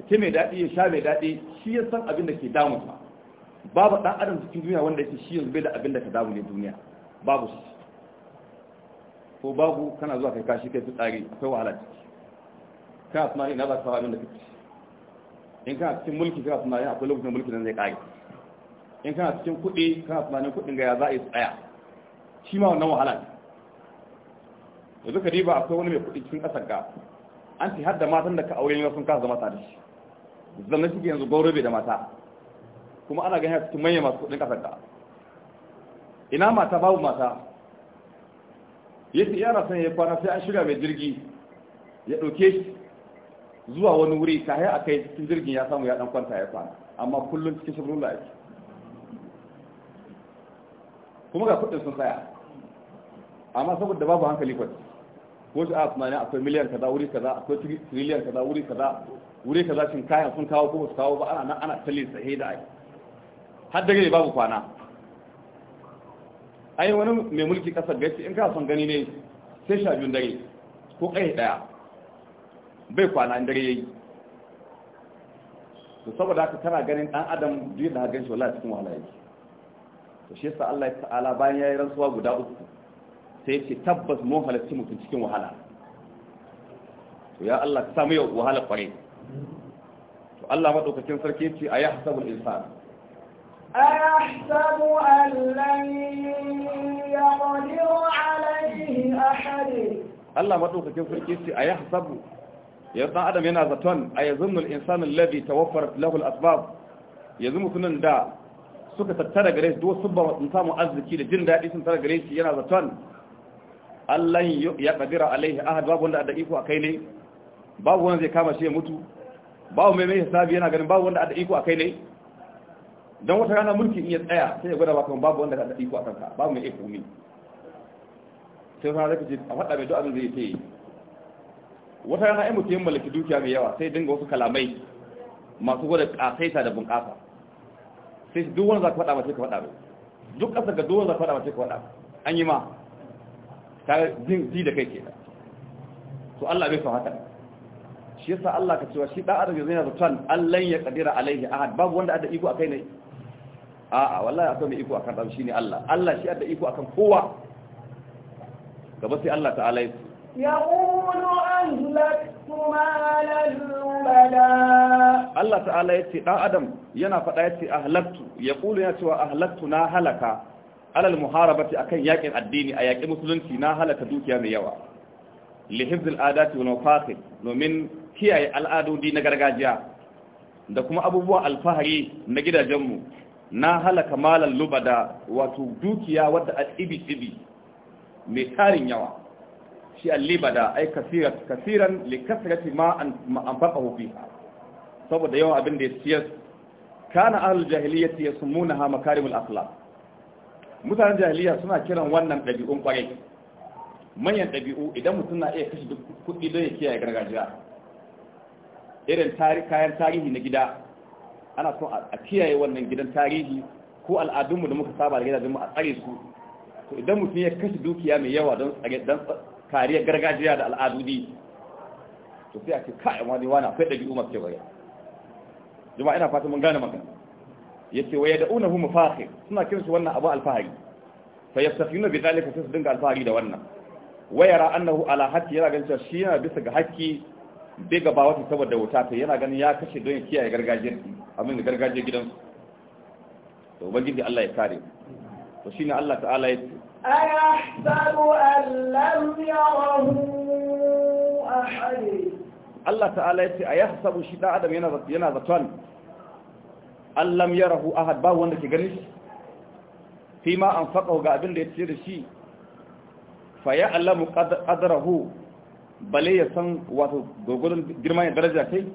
ke mai daɗi ya sha mai daɗi shi ya san abin da ke damun damunsa babu ɗan adam cikin duniya wanda yake shi yanzu bai da abin da ka damu ne duniya babu shi ko babu kana zuwa kai kashi kai su tsari akwai wahala ciki kana tunani ina za ka abin da kake in kana cikin mulki kana tunani akwai lokacin mulki nan zai ƙare in kana cikin kuɗi kana tunanin kuɗin ga ya za a yi tsaya shi ma wannan wahala ne yanzu ka riba akwai wani mai kuɗi cikin ƙasar ga an ce har da matan da ka aure ne sun kasa zama tare shi zama suke yanzu gaurabe da mata kuma ana ganin cikin manyan masu kudin kasar da ina mata babu mata ya yana san ya kwana sai an shirya mai jirgi ya dauke shi zuwa wani wuri ta haya a kai cikin jirgin ya samu ya kwanta ya kwana amma kullum cikin shirin lafi kuma ga kudin sun tsaya amma saboda babu hankali kwanci ko shi a tunanin akwai miliyan kaza wuri kaza akwai triliyan kaza wuri kaza wuri kaza shin kayan sun kawo ko su kawo ba ana ana tallin sahi da ai har da gari babu kwana ai wani mai mulki kasar gaci in ka son gani ne sai sha biyun dare ko kai daya bai kwana in dare yayi to saboda haka kana ganin dan adam duk da hakan shi wallahi cikin wahala yake to shi yasa Allah ta'ala bayan yayi rantsuwa guda uku sai ya ce tabbas mun halarci mutum cikin wahala to ya Allah ka samu yau wahala kwarai Allah maɗaukacin sarki ce a yi hasabul insan
أيحسب أن لن يقدر عليه أحد
الله مدوك كيف كيف أيحسب يطلع أدم ينازتون أيظن الإنسان الذي توفرت له الأسباب يظن كنن دا suka tattara gare shi duk subba samu arziki da jin daɗi sun tara gare shi yana zaton Allah ya kadira alaihi ahad babu wanda da iko akai ne babu wanda zai kama shi ya mutu babu mai mai hisabi yana ganin babu wanda a da iko a kai ne don wata rana mulki in ya tsaya sai ya gwada ba kuma babu wanda da iko a kanka babu mai iko mi sai fara zaka ce a faɗa mai du'a zai ce wata rana ai mutum mallaki dukiya mai yawa sai dinga wasu kalamai masu gwada kasaita da bunƙasa sai duk wanda zaka faɗa sai ka faɗa ba duk ƙasar ga duk wanda zaka faɗa sai ka faɗa an yi ma ta jin ji da kai ke to Allah bai so haka shi yasa Allah ka cewa shi dan adam yana zaton Allah ya kadira alaihi ahad babu wanda da iko akai ne a wallahi akwai iko akan dan shine Allah Allah shi da iko akan kowa gaba sai Allah ta'ala ya
يقول adam yana لبلا
الله تعالى يتي دا أدم ينا فدا يتي أهلكت يقول يتي وأهلكت ناهلك على المحاربة أكن ياكن الديني أياك مسلمتي ناهلك دوكيا ميوا لحفظ العادات والمفاخر ومن kiyaye al'adodi na gargajiya da kuma abubuwan alfahari na gidajenmu na halaka malar lubada wato dukiya wadda a tsibi-tsibi mai tarin yawa shi al-libada ai kasiran kasiran likasirati ma an faka hufi saboda yawan abin da ya siyar kana ahlul jahiliyyati yasmunaha makarimul akhlaq mutanen jahiliya suna kiran wannan ɗabi'un kwarai manyan ɗabi'u idan mutum na iya kashe duk kuɗi don ya kiyaye gargajiya irin kayan tarihi na gida ana so a kiyaye wannan gidan tarihi ko al'adunmu da muka saba da gidajen mu a tsare su to idan mutum ya kashe dukiya mai yawa don kariyar gargajiya da al'adudi to sai a ce ka'a wani wani akwai ɗabi'u masu kyau gare jama'a ina fata mun gane magana yace wa yad'unahu mufakhir suna kiran su wannan abu alfahari fa yastakhiruna bi dhalika sai su dinga alfahari da wannan wayara annahu ala haqqi yana ganin cewa shi yana bisa ga haƙƙi bai gaba wata saboda wuta ta yana ganin ya kashe don ya kiyaye gargajiyar abin da gargajiyar gidansu da ubangiji Allah ya kare to shine Allah ta'ala ya
ce ayahsabu an allam yarahu ahad
Allah ta'ala ya ce sabu shi da adam yana yana zaton allam yarahu ahad ba wanda ke ganin shi fi ma anfaqahu ga abin da ya ce da shi fa ya'lamu qadrahu bale ya san wato gogodon girma ya daraja kai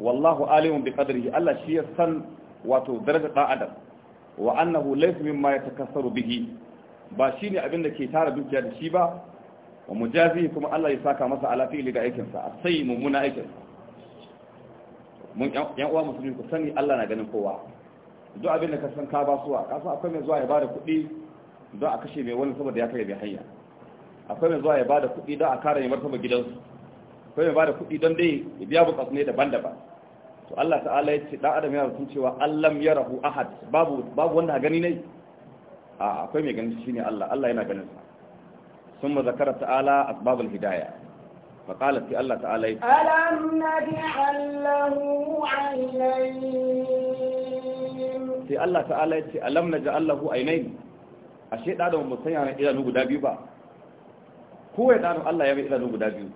wallahu alimun bi qadrihi Allah shi ya san wato daraja da adam wa annahu laysa mimma yatakassaru bihi ba shine abin da ke tara dukiya da shi ba wa mujazi kuma Allah ya saka masa alafi ga aikin sa sai muna aikin mun yan uwa musulmi ku sani Allah na ganin kowa duk abin da ka san ka ba suwa ka san akwai mai zuwa ya bada kuɗi don a kashe mai wani saboda ya kai bai hanya akwai mai zuwa ya bada kuɗi don a kare ya martaba gidansu akwai mai bada kuɗi don dai ya biya bukatu ne daban-daban to Allah ta'ala ya ce dan ya yana wa cewa ya rahu ahad babu babu wanda gani ne a akwai mai ganin ne Allah Allah yana ganin sa ثم ذكر تعالى أسباب الهداية فقالت في الله تعالى
ألم نجعل له عينين
في الله تعالى ألم نجعل له عينين أشيء هذا idanu guda biyu ba. kowai ɗanu Allah ya mai idanu guda biyu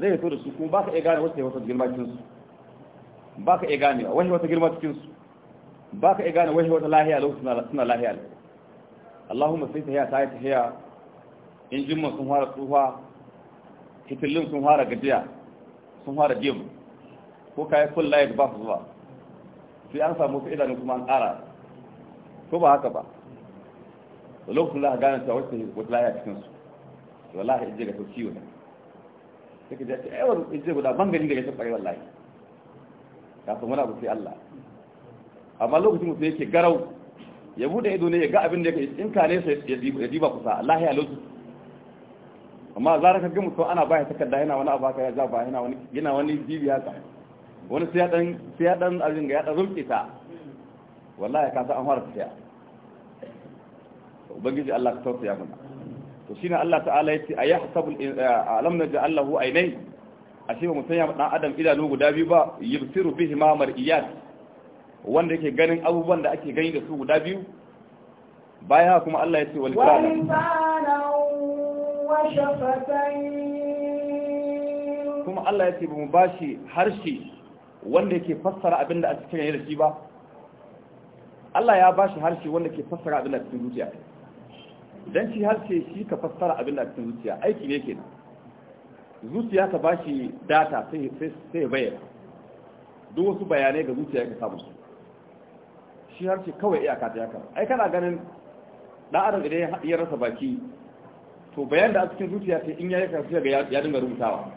zai fito da su kuma baka iya gane wata wata girma cikinsu ba baka iya gane wani wata girma cikinsu ba baka iya gane wani wata lahiya lokacin suna lahiya ne Allahumma sai ta hiya ta yi ta hiya injin sun fara tsufa fitilin sun fara gajiya sun fara jim ko yi full light ba su zuwa sai an samu su idanun kuma an ƙara ko ba haka ba lokacin za ka gane ta wata lahiya cikinsu. wallahi in je ga sauki wani sai ka jace ai wani in je guda ban gani gare sun bare wallahi ka san wani abu sai Allah amma lokacin mutum yake garau ya bude ido ne ya ga abin da yake in ka ne sai ya diba kusa Allah ya lutu amma zara ka ga mutum ana baya takarda yana wani abu haka ya za ba yana wani yana wani bibi haka wani sai ya dan sai ya dan abin ga ya dan rumke ta wallahi ka san an fara tafiya ubangiji Allah ka tausaya mana to shine Allah ta'ala yace ayahsabul alam naj'al lahu aynay ashe ba musanya dan adam idanu guda biyu ba yubsiru bihi ma mar'iyat wanda yake ganin abubuwan da ake gani da su guda biyu baya kuma Allah yace wal kuma Allah yace ba mu bashi harshe wanda yake fassara abinda a cikin yayin da shi ba Allah ya bashi harshe wanda ke fassara abinda a cikin zuciya dan shi harshe shi ka fassara abin da cikin zuciya aiki ne kenan zuciya ta bashi data sai sai bayyana duk wasu bayanai ga zuciya ka samu su shi harshe kawai iyaka ta yaka ai kana ganin dan adam idan ya rasa baki to bayan da a cikin zuciya sai in yi karfi ga ya dinga rubutawa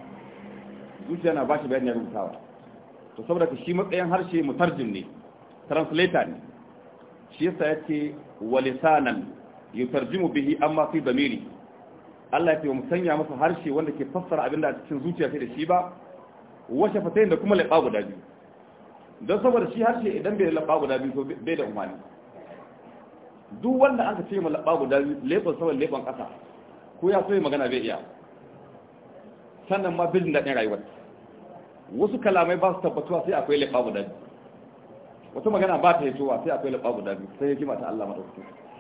zuciya na bashi bayan ya rubutawa to saboda ka shi matsayin harshe mutarjim ne translator ne shi yasa yake walisanan yutarjimu bihi amma fi damiri Allah ya ce mu sanya masa harshe wanda ke fassara abin da a cikin zuciya sai da shi ba washe fatayin da kuma laɓa guda biyu don saboda shi harshe idan bai laɓa guda biyu to bai da umarni duk wanda aka ce ma laɓa guda biyu laifin saboda laifin kasa ko ya so magana bai iya sannan ma da daɗin rayuwar wasu kalamai ba su tabbatuwa sai akwai laɓa guda biyu wata magana ba ta hitowa sai akwai laɓa guda biyu sai ya ta Allah madaukakin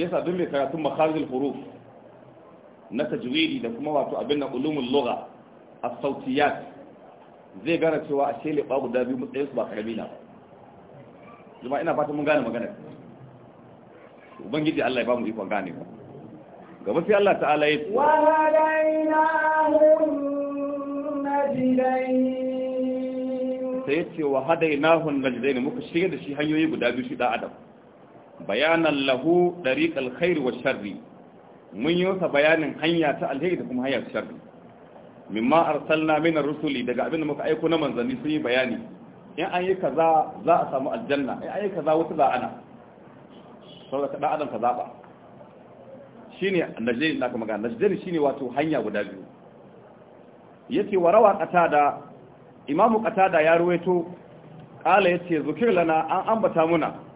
shi yasa duk mai karatun makarzil huruf na tajwidi da kuma wato abin na ulumul lugha as-sautiyat zai gane cewa a shele babu da biyu mutsayin su ba karami na zuma ina fata mun gane magana ubangiji Allah ya ba mu ikon gane ba gaba sai Allah ta'ala ya wa
hadaina najdain
sai ya ce wa hadainahun najdain muka shirya da shi hanyoyi guda biyu shi da adam bayanan lahu dariqal khair wa sharri mun yi masa bayanin hanya ta alheri da kuma hanya ta sharri mimma arsalna min ar-rusuli daga abin da muka aiko na manzanni sun yi bayani in an yi kaza za a samu aljanna in an yi kaza wata za ana saboda kada adam ka zaba shine najdin na kuma magana najdin shine wato hanya guda biyu yace warawa qatada imamu qatada ya ruwaito kala yace zukir lana an ambata muna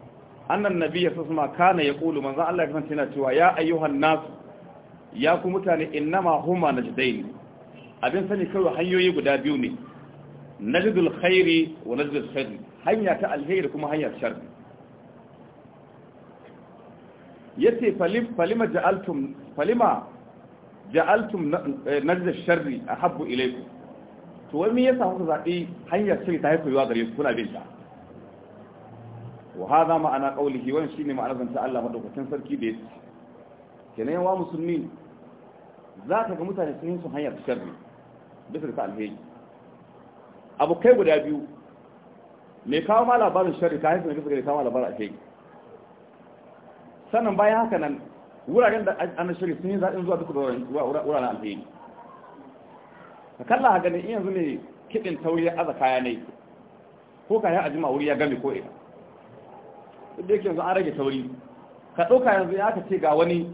annan nabiyya sasma kana ya kulu manzo Allah ya kasance yana cewa ya ayyuhan nas ya ku mutane innama huma najdain abin sani kawai hanyoyi guda biyu ne najdul khairi wa najdul sharri hanya ta alheri kuma hanya sharri yace falim falima ja'altum falima ja'altum najdul sharri ahabbu ilaykum to wai me yasa kuka zabi hanyar Shari ta haifuwa gare ku kuna bin ta wa hadha ma'ana qawlihi wa shine ma'anar zanta Allah madaukakin sarki da yake kenan wa musulmi za ka ga mutane sun yi su hanyar sharri bisa ga alheri kai guda biyu mai kawo ma labarin sharri ka haifin bisa ga kawo labarin alheri sannan bayan haka nan wuraren da an shirya sun yi zaɗin zuwa duk da wuraren alheri ka kalla ha ganin yanzu ne kiɗin tauri ya aza kaya ne ko a ajima wuri ya gami ko ina da yake yanzu an rage tauri ka ɗauka yanzu ya aka ce ga wani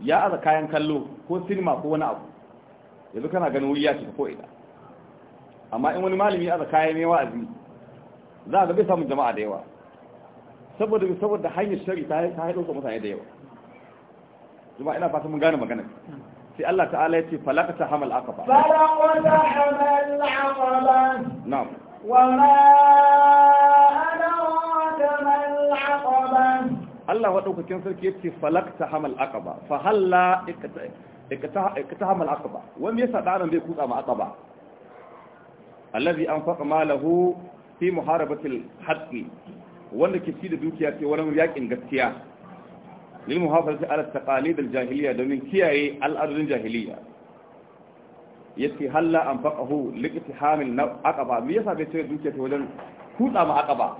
ya aza kayan kallo ko sinima ko wani abu yanzu kana ganin wuri ya cika ko ina amma in wani malami ya aza kayan yawa wa'azi za a bai samun jama'a da yawa saboda saboda hanyar shari ta haɗo ka mutane da yawa jama'a ina fata mun gane magana sai Allah ta'ala ya ce falaka ta hamal aqaba
falaka hamal aqaba na'am wa ma
Allah waɗaukakin sarki ya ce falakta hamal aqaba fa halla ikta hamal aqaba wanda yasa ɗanan bai kutsa ma aqaba allazi anfaqa malahu fi muharabatil haqqi wanda ke ci da dukiya ce wani yakin gaskiya lil muhafazati ala taqalid al jahiliya domin kiyaye al'adun jahiliya yace halla anfaqahu liqtihamil aqaba me yasa bai ce dukiya ta wajen kutsa ma aqaba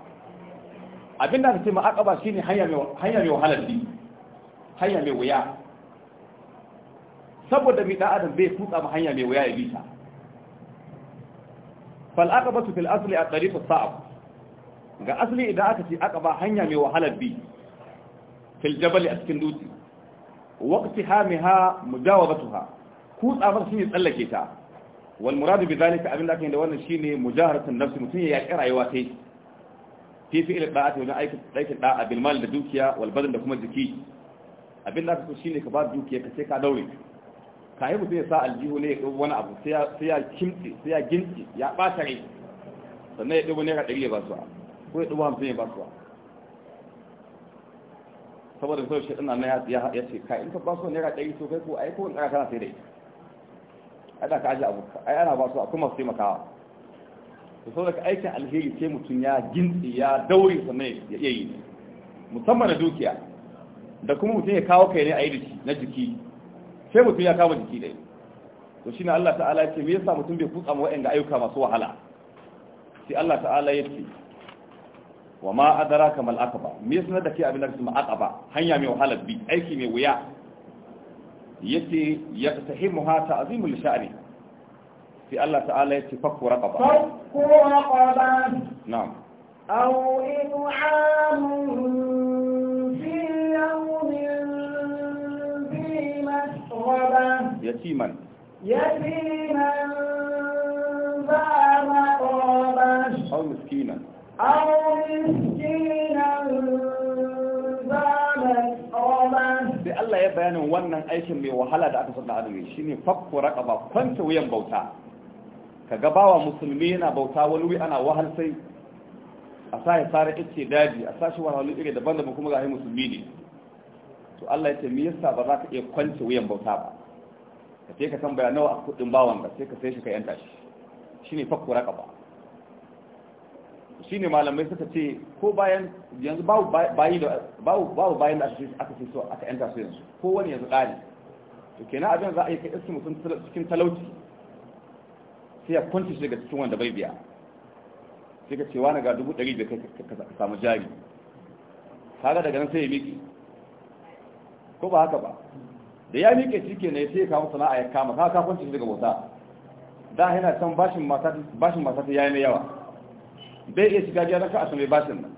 Abin da aka ce ma aqaba shine hanya mai hanya mai wahalar bi hanya mai wuya saboda mi da adam bai kutsa ma hanya mai wuya ya bi ta fal aqabatu fil asli a tariq as-sa'b ga asli idan aka ce aqaba hanya mai wahalar bi fil jabal a cikin dutse waqti hamiha mujawabatuha kutsa ba shine tsallake ta wal muradu bi zalika abinda aka yi da wannan shine mujaharatun nafsi mutun ya yaki rayuwa sai في فعل الطاعات هنا أي طاعة بالمال لدوكيا والبدن لكم الزكي أبين ناس تشيني كبار دوكيا كسيكا دوري كاي مثل يساء الجيه ليك وانا أبو سيا, سيا كمتي سيا جنتي يا باشري فنا يدوب نيغا تغيي باسوا هو يدوبها مثلين باسوا فبدا بسوا الشيطان أنا يسي كاي انت باسوا نيغا تغيي سوفيكو أيكو نيغا كانا سيري هذا كاجي أبو أي أنا باسوا كما سيما كاوا da saboda aikin alheri sai mutum ya gintsi ya daure sannan ya iya yi musamman da dukiya da kuma mutum ya kawo kai ne a yi da na jiki sai mutum ya kama jiki dai to shi na Allah ta'ala ce me yasa mutum bai kutsa ma wa'anda ayyuka masu wahala sai Allah ta'ala ya ce wa ma adraka mal aqaba me yasa da ke abin da kuma aqaba hanya mai wahala bi aiki mai wuya yace yaqtahimuha ta'zimul sha'ni في الله تعالى يتفك رقبة فك
رقبة نعم أو إطعام في يوم ذي مسغبة
يتيما يتيما
ذا مقربة
أو مسكينا أو
مسكينا ذا
sai Allah ya bayanin wannan aikin mai wahala da aka sanda adam shine fakku raqaba kwanta wuyan bauta ka wa musulmi yana bauta wani wi ana wahal sai a sa ya tsara ice daji a sashi wahalhalu iri daban da kuma ga musulmi ne to Allah ya ce me yasa ba za ka iya kwance wuyan bauta ba ka ce ka san nawa a kudin bawan ka sai ka sai shi ka yanta shi shine fakku raka ba shine malamai suka ce ko bayan yanzu babu bayi da babu babu bayan da aka ce so aka yanta su yanzu ko wani yanzu kare to kenan abin za a yi kai isu mutum cikin talauci sai ya kwanci shiga cikin wanda bai biya sai ka cewa na ga dubu ɗari da ka samu jari kaga daga nan sai ya miƙe ko ba haka ba da ya miƙe shi ke ne sai ya kama sana'a ya kama kaga ka kwanci daga bauta da yana can bashin mata ta yayi mai yawa bai iya shiga biya ka a mai bashin nan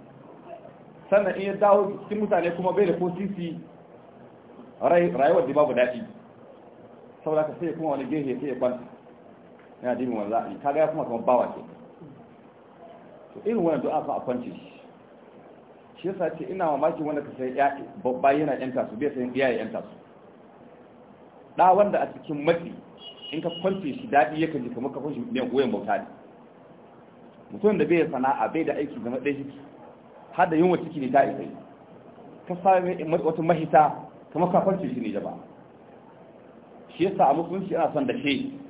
sannan in ya dawo cikin mutane kuma bai da ko sisi rayuwar da babu daɗi saboda ka sai kuma wani gehe sai ya kwanta yana dibin wani za'a ka ga kuma kuma bawa ke to irin wani du'a fa a kwanci shi yasa ce ina mamaki wanda ka sai ya babba yana yanta su bai sai iya yanta su da wanda a cikin matsi in ka kwance shi dadi yakan ji kamar kafin shi ne goyen bauta ne mutum da bai sana'a bai da aiki zama ɗaya shi har da yunwa ciki ne ta isai ka sami wata mahita kamar ka kwance shi ne jaba shi yasa a musulunci ana son da shi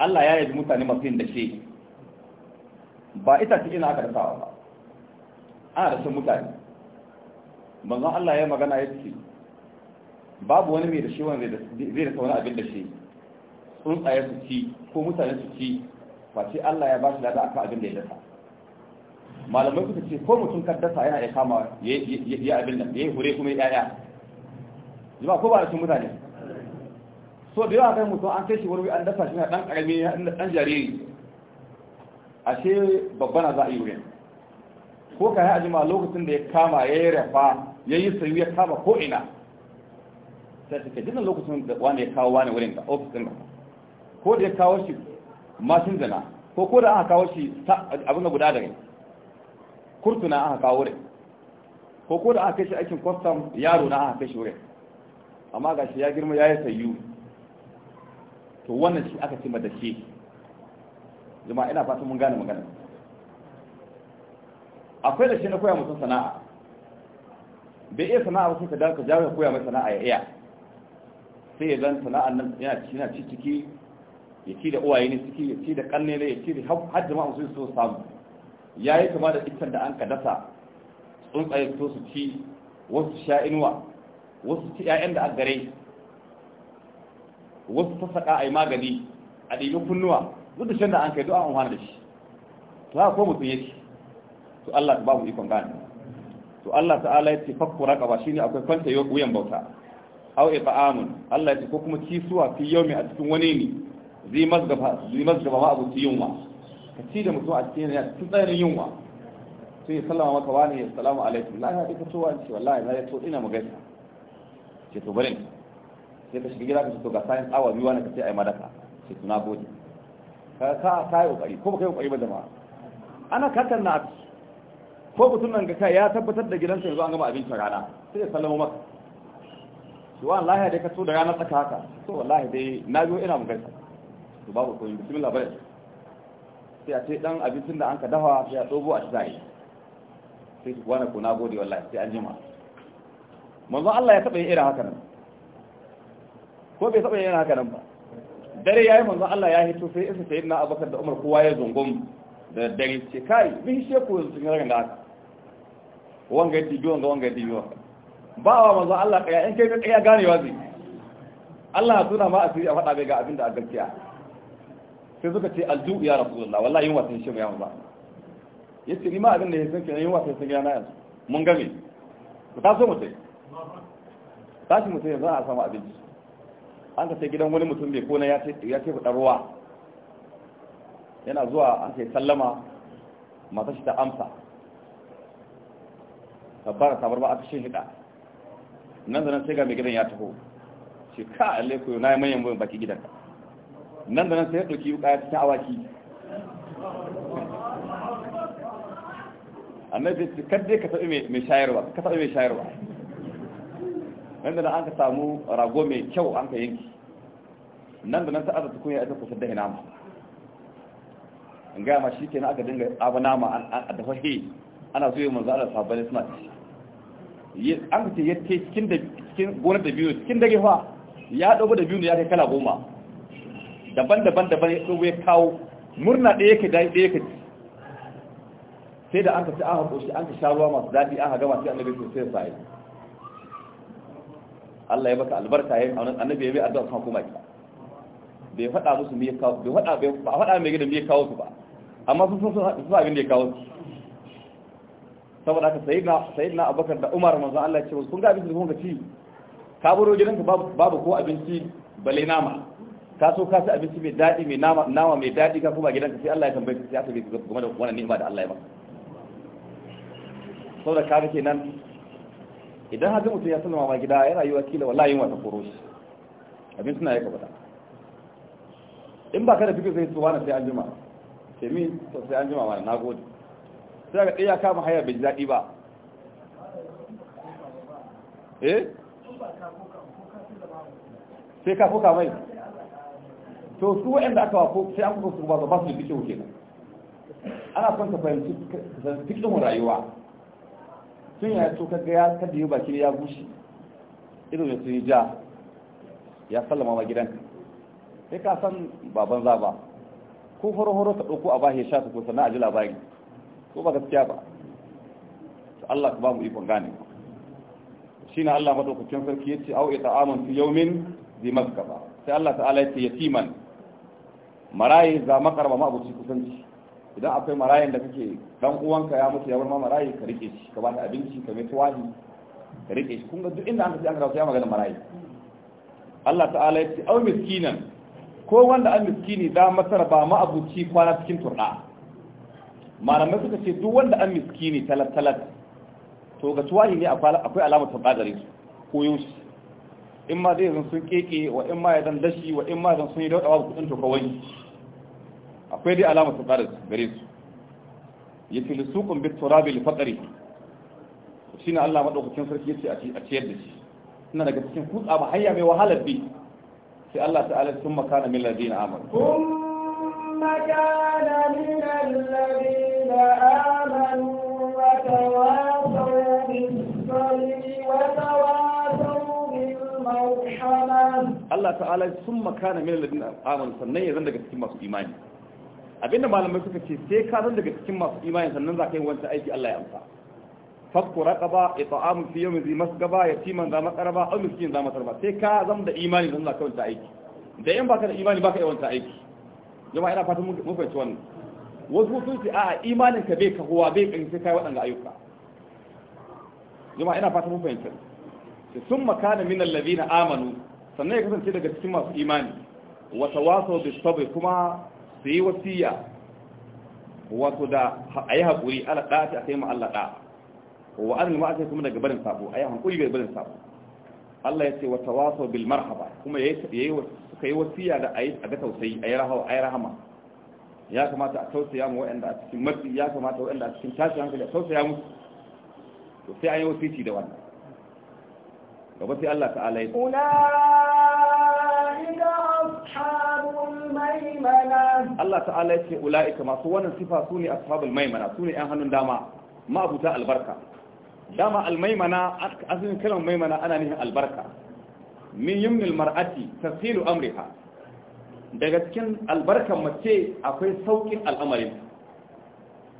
Allah ya yi mutane masu yin da ke ba ita cikin aka da sawa ba ana da sun mutane banzan Allah ya magana ya ce babu wani mai da shi wani zai da wani abin da shi tsaye su ci ko mutane su ci face Allah ya ba shi lada aka abin da ya dasa malamai kusa ce ko mutum kan dasa yana ya kama ya abin da ya yi hure kuma ya yaya zuba ko ba da sun mutane so da yawa kai mutum an kai shi wani an dafa shi na dan karami dan jariri ashe babba na za a yi wurin ko ka yi jima lokacin da ya kama ya yi rafa ya yi sayu ya kama ko ina sai suka jinan lokacin da wani ya kawo wani wurin ka ofis ɗin ko da ya kawo shi mashin zana ko ko da aka kawo shi abin da guda da rai kurtuna aka kawo wurin ko ko da aka kai shi aikin kwastam yaro na aka kai shi wurin amma ga shi ya girma ya yi sayu to wannan shi aka ce da shi. jama'a ina fatan mun gane magana akwai da shi na koya mutum sana'a bai iya sana'a wasu ka dawo ka jawo ya koya mai sana'a ya iya sai ya zan sana'a nan yana ci ciki ya ci da uwaye ne ciki ya ci da kanne ne ya ci da har jama'a su so samu ya yi kama da iccen da an ka dasa tsuntsaye so su ci wasu sha inuwa wasu ci 'ya'yan da an gare wasu sassaƙa a yi magani a ɗaiɗin kunnuwa duk da shan da an kai du'a an wani da shi to haka ko mutum yake to Allah ba mu ikon gani to Allah ta'ala ya ce fakku raqaba shine akwai kwanta yau wuyan bauta aw ifa'amun Allah ya ce ko kuma kisuwa fi yawmi a cikin wani ne zai mazgaba zai masgaba ma abu yunwa ka ci da mutum a cikin a cikin tsarin yunwa sai ya sallama maka wani assalamu alaikum la ya dika to wani ce wallahi na ya to ina magana ce to bari sai ka shiga gida ka to ga sayan awa biyu wani ka ce yi madaka sai to na gode ka ka ka yi kokari ko ba kai kokari ba jama'a ana kakan na abu ko mutum nan ga kai ya tabbatar da gidansa yanzu an gama abincin rana sai ya sallama maka to wallahi dai ka so da rana tsaka haka to wallahi dai na biyo ina mun gaisa to babu ko bismillah bare sai a ce dan abincin da an ka dafa sai a dobo a tsaye sai ku wani ko na gode wallahi sai an jima manzo Allah ya taba yin irin haka nan ko bai saba yana haka nan ba dare yayi manzo Allah ya hito sai isa na abakar da Umar kowa ya zungum da dare ce kai bi shi ko sun ga ran da haka wanga dibi wanga ti dibi ba wa manzo Allah kaya in kai ka gane wa zai Allah suna ma asiri a fada bai ga abinda a gaskiya sai suka ce aldu ya rasulullah wallahi yin wasan shi ya manzo yace ni ma abin da yake san kenan yin wasan shi ya na yanzu mun game ta so mutai tashi mutai yanzu a samu abinci an ka sai gidan wani mutum bai kona ya ce fudar ruwa yana zuwa an sai sallama masu shi ta amsa a tabar ba a shi hida nan da nan sai ga mai gidan ya taho shi ka alle koyo na yi manyan bayan baki gidan nan da nan sai ya ɗauki yi ya cikin awaki annabi ce kadai ka taɓi mai shayarwa ka taɓi mai shayarwa nan da nan an ka samu rago mai kyau an ka yanki nan da nan ta kuma ya ita kusa da nama ga gaya ma shi ke na aka dinga abu nama a dafa he ana zuwa manzo Allah sabbali suna ci an ka ce ya ce cikin da cikin gonar da biyu cikin dage fa ya dogo da biyu ne ya kai kala goma daban-daban daban ya dogo ya kawo murna ɗaya yake da ɗaya yake sai da an ka ci an haƙo shi an ka sha ruwa masu daɗi an ka gama sai annabi sosai sai sai Allah ya baka albarka yayin auren annabi ya mai addu'a kuma koma bai faɗa musu me ya kawo bai faɗa bai ba faɗa mai gidan me ya kawo su ba amma sun sun sun abin da ya kawo su saboda ka sayyidina sayyidina Abubakar da Umar manzo Allah ya ce kun ga abin da kun ga ci ka buro gidanka babu babu ko abinci bale nama ka so ka ci abinci mai daɗi mai nama nama mai daɗi ka kuma gidanka sai Allah ya tambaye ka sai aka bi game da wannan ni'ima da Allah ya maka saboda ka ga kenan idan haka mutum ya sanarwa gida ya rayuwa kila wallahi yin wata koro shi abin suna ya kabata in ba ka da fikir sai na sai an jima ce min sai an jima wani na gode sai ga ɗaya kama haya bai zaɗi ba eh
sai ka fuka mai
to su waɗanda aka wafo sai an kuka su ba su da fikir kenan ana son ka fahimci fikirin rayuwa tun ya to kaga ya kada yi baki ya gushi irin da sun yi ja ya sallama ma gidanka sai ka san baban za ba ko horo-horo ka ɗauko a ya sha ko sannan a ji labari ko ba gaskiya ba Allah ka ba mu ikon gane shi na Allah madaukakin sarki ya ce au ita amon fi yaumin zai ba sai Allah ta'ala ya ce yatiman maraye za makarba ma abuci kusanci idan akwai marayan da kake dan uwanka ya mutu ya bar ma marayi ka rike shi ka ba abinci ka mai tuwahi ka rike shi kun ga duk inda an tafi an rasu ya magana marayi Allah ta'ala ya ce au miskinan ko wanda an miskini da masar ba ma abuci kwana cikin turna malamai suka ce duk wanda an miskini talat talat to ga tuwahi ne akwai alamar turna gare su ko yoshi in ma zai zan sun keke wa in ma ya zan dashi wa in ma zan sun yi dauɗawa kudin to ka wani. akwai dai alama su bada gare su Ya li suqun bit turabi li faqri shine Allah madaukakin sarki yace a ciyar da shi ina daga cikin kutsa ba hayya mai wahalar bi sai Allah ta'ala sun makana min ladina amanu thumma
kana min alladina amanu wa tawasaw bis sabri wa tawasaw bil marhamah
Allah ta'ala sun makana min alladina amanu sannan ya zan daga cikin masu imani abinda malamai suka ce sai ka zan daga cikin masu imani sannan za ka yi wancan aiki Allah ya amsa fakku raqaba it'amu fi yawmin zi masgaba yatiman za maqaraba aw miskin za masarba sai ka zan da imani sannan za ka yi wancan aiki da in baka da imani baka yi wancan aiki jama'a ina fatan mun fahimci wannan wasu sun ce a'a imanin ka bai kahuwa bai kan sai kai waɗanda ayyuka jama'a ina fatan mun fahimci sun makana min alladhina amanu sannan ya kasance daga cikin masu imani wa tawasaw bis sabr kuma su yi wasiya wato da a yi haƙuri ala ɗa ta sai ma Allah ɗa wa azumi ma a kuma daga barin sabo a yi haƙuri daga barin sabo Allah ya ce wa tawaso bil marhaba kuma yayi suka yi wasiya da ayi a ga tausayi a rahawa rahama ya kamata a tausaya mu waɗanda a cikin matsi ya kamata waɗanda a cikin tashin hankali a tausaya musu to sai an yi wasici da wannan gaba sai Allah ta'ala ya ulaika
ashab
Allah ta'ala ya ce ula'ika masu wannan sifa su ne ashabul maimana su ne ‘yan hannun dama ma'abuta albarka dama almaimana asalin kalmar maimana ana nihin albarka min yumnil mar'ati tasilu amriha daga cikin albarkan mace akwai saukin al'amarin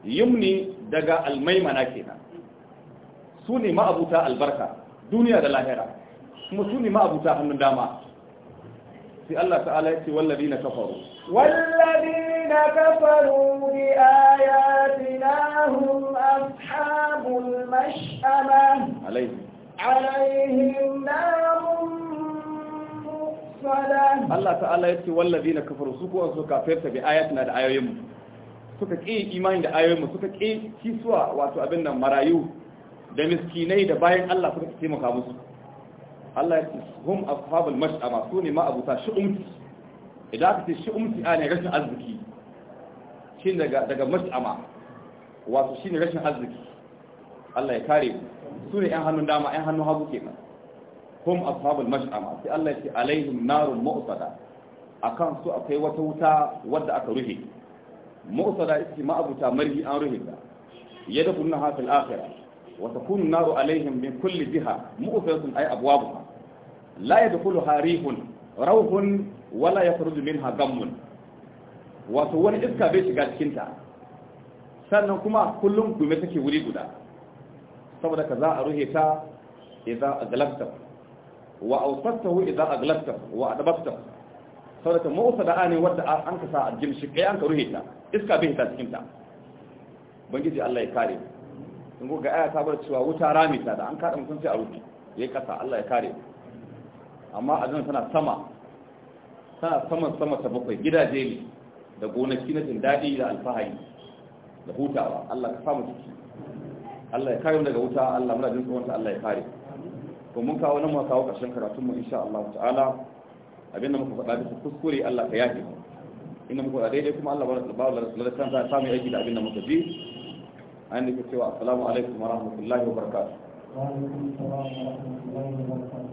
yumni daga almaimana kenan su ne ma'abuta albarka duniya da lahira kuma su ne ma'abuta hannun dama sai Allah ta'ala ya ce wallabi na kafaru
wallabi na kafaru bi ayatina hum ashabul mash'ama alaihim alaihim Allah
ta'ala ya ce wallabi na kafaru su kuwa suka kafirta bi ayatina da ayoyinmu suka ƙi imani da ayoyinmu suka ƙi kisuwa wato abin nan marayu da miskinai da bayan Allah suka taimaka musu Allah ya ce hum ashabul mash'ama su ne ma abuta shi'umti idan aka ce shi'umti a ne rashin arziki shi daga daga mash'ama wato shi ne rashin arziki Allah ya kare su ne 'yan hannun dama 'yan hannun hagu ke kenan hum ashabul mash'ama sai Allah ya ce alaihim narun mu'sada akan su akwai wata wuta wadda aka rufe mu'sada ita ce ma abuta marhi an rufe ta kunna fil akhirah وتكون النار عليهم من كل جهة مؤفرة أي أبوابها لا يدخلها ريح روح ولا يخرج منها غم wani iska bai shiga cikinta? sannan kuma kullum gume take wuri guda saboda ka za a ruhe ta idza aglabta wa awsatahu idza aglabta wa adabta saboda ka mawsada ne wanda an ka sa aljimshi kai an ka ruhe ta iska bai shiga cikinta. ta bangiji Allah ya kare mu in ga aya ta bar cewa wuta rami ta da an kada mutum sai a rufe ya yi kasa Allah ya kare amma a nan tana sama tana saman sama ta bakwai gidaje ne da gonaki na jin daɗi da alfahari da hutawa Allah ka samu ciki Allah ya kare daga wuta Allah muna jin tsoron Allah ya kare to mun kawo nan mu kawo ƙarshen karatun mu insha Allah ta'ala da muka faɗa bisa kuskure Allah ka yafe mu inda muka faɗa daidai kuma Allah ba da kansa ya samu aiki da abinda muka bi an nika cewa assalamu alaikum wa rahmatullahi wa
barakatuh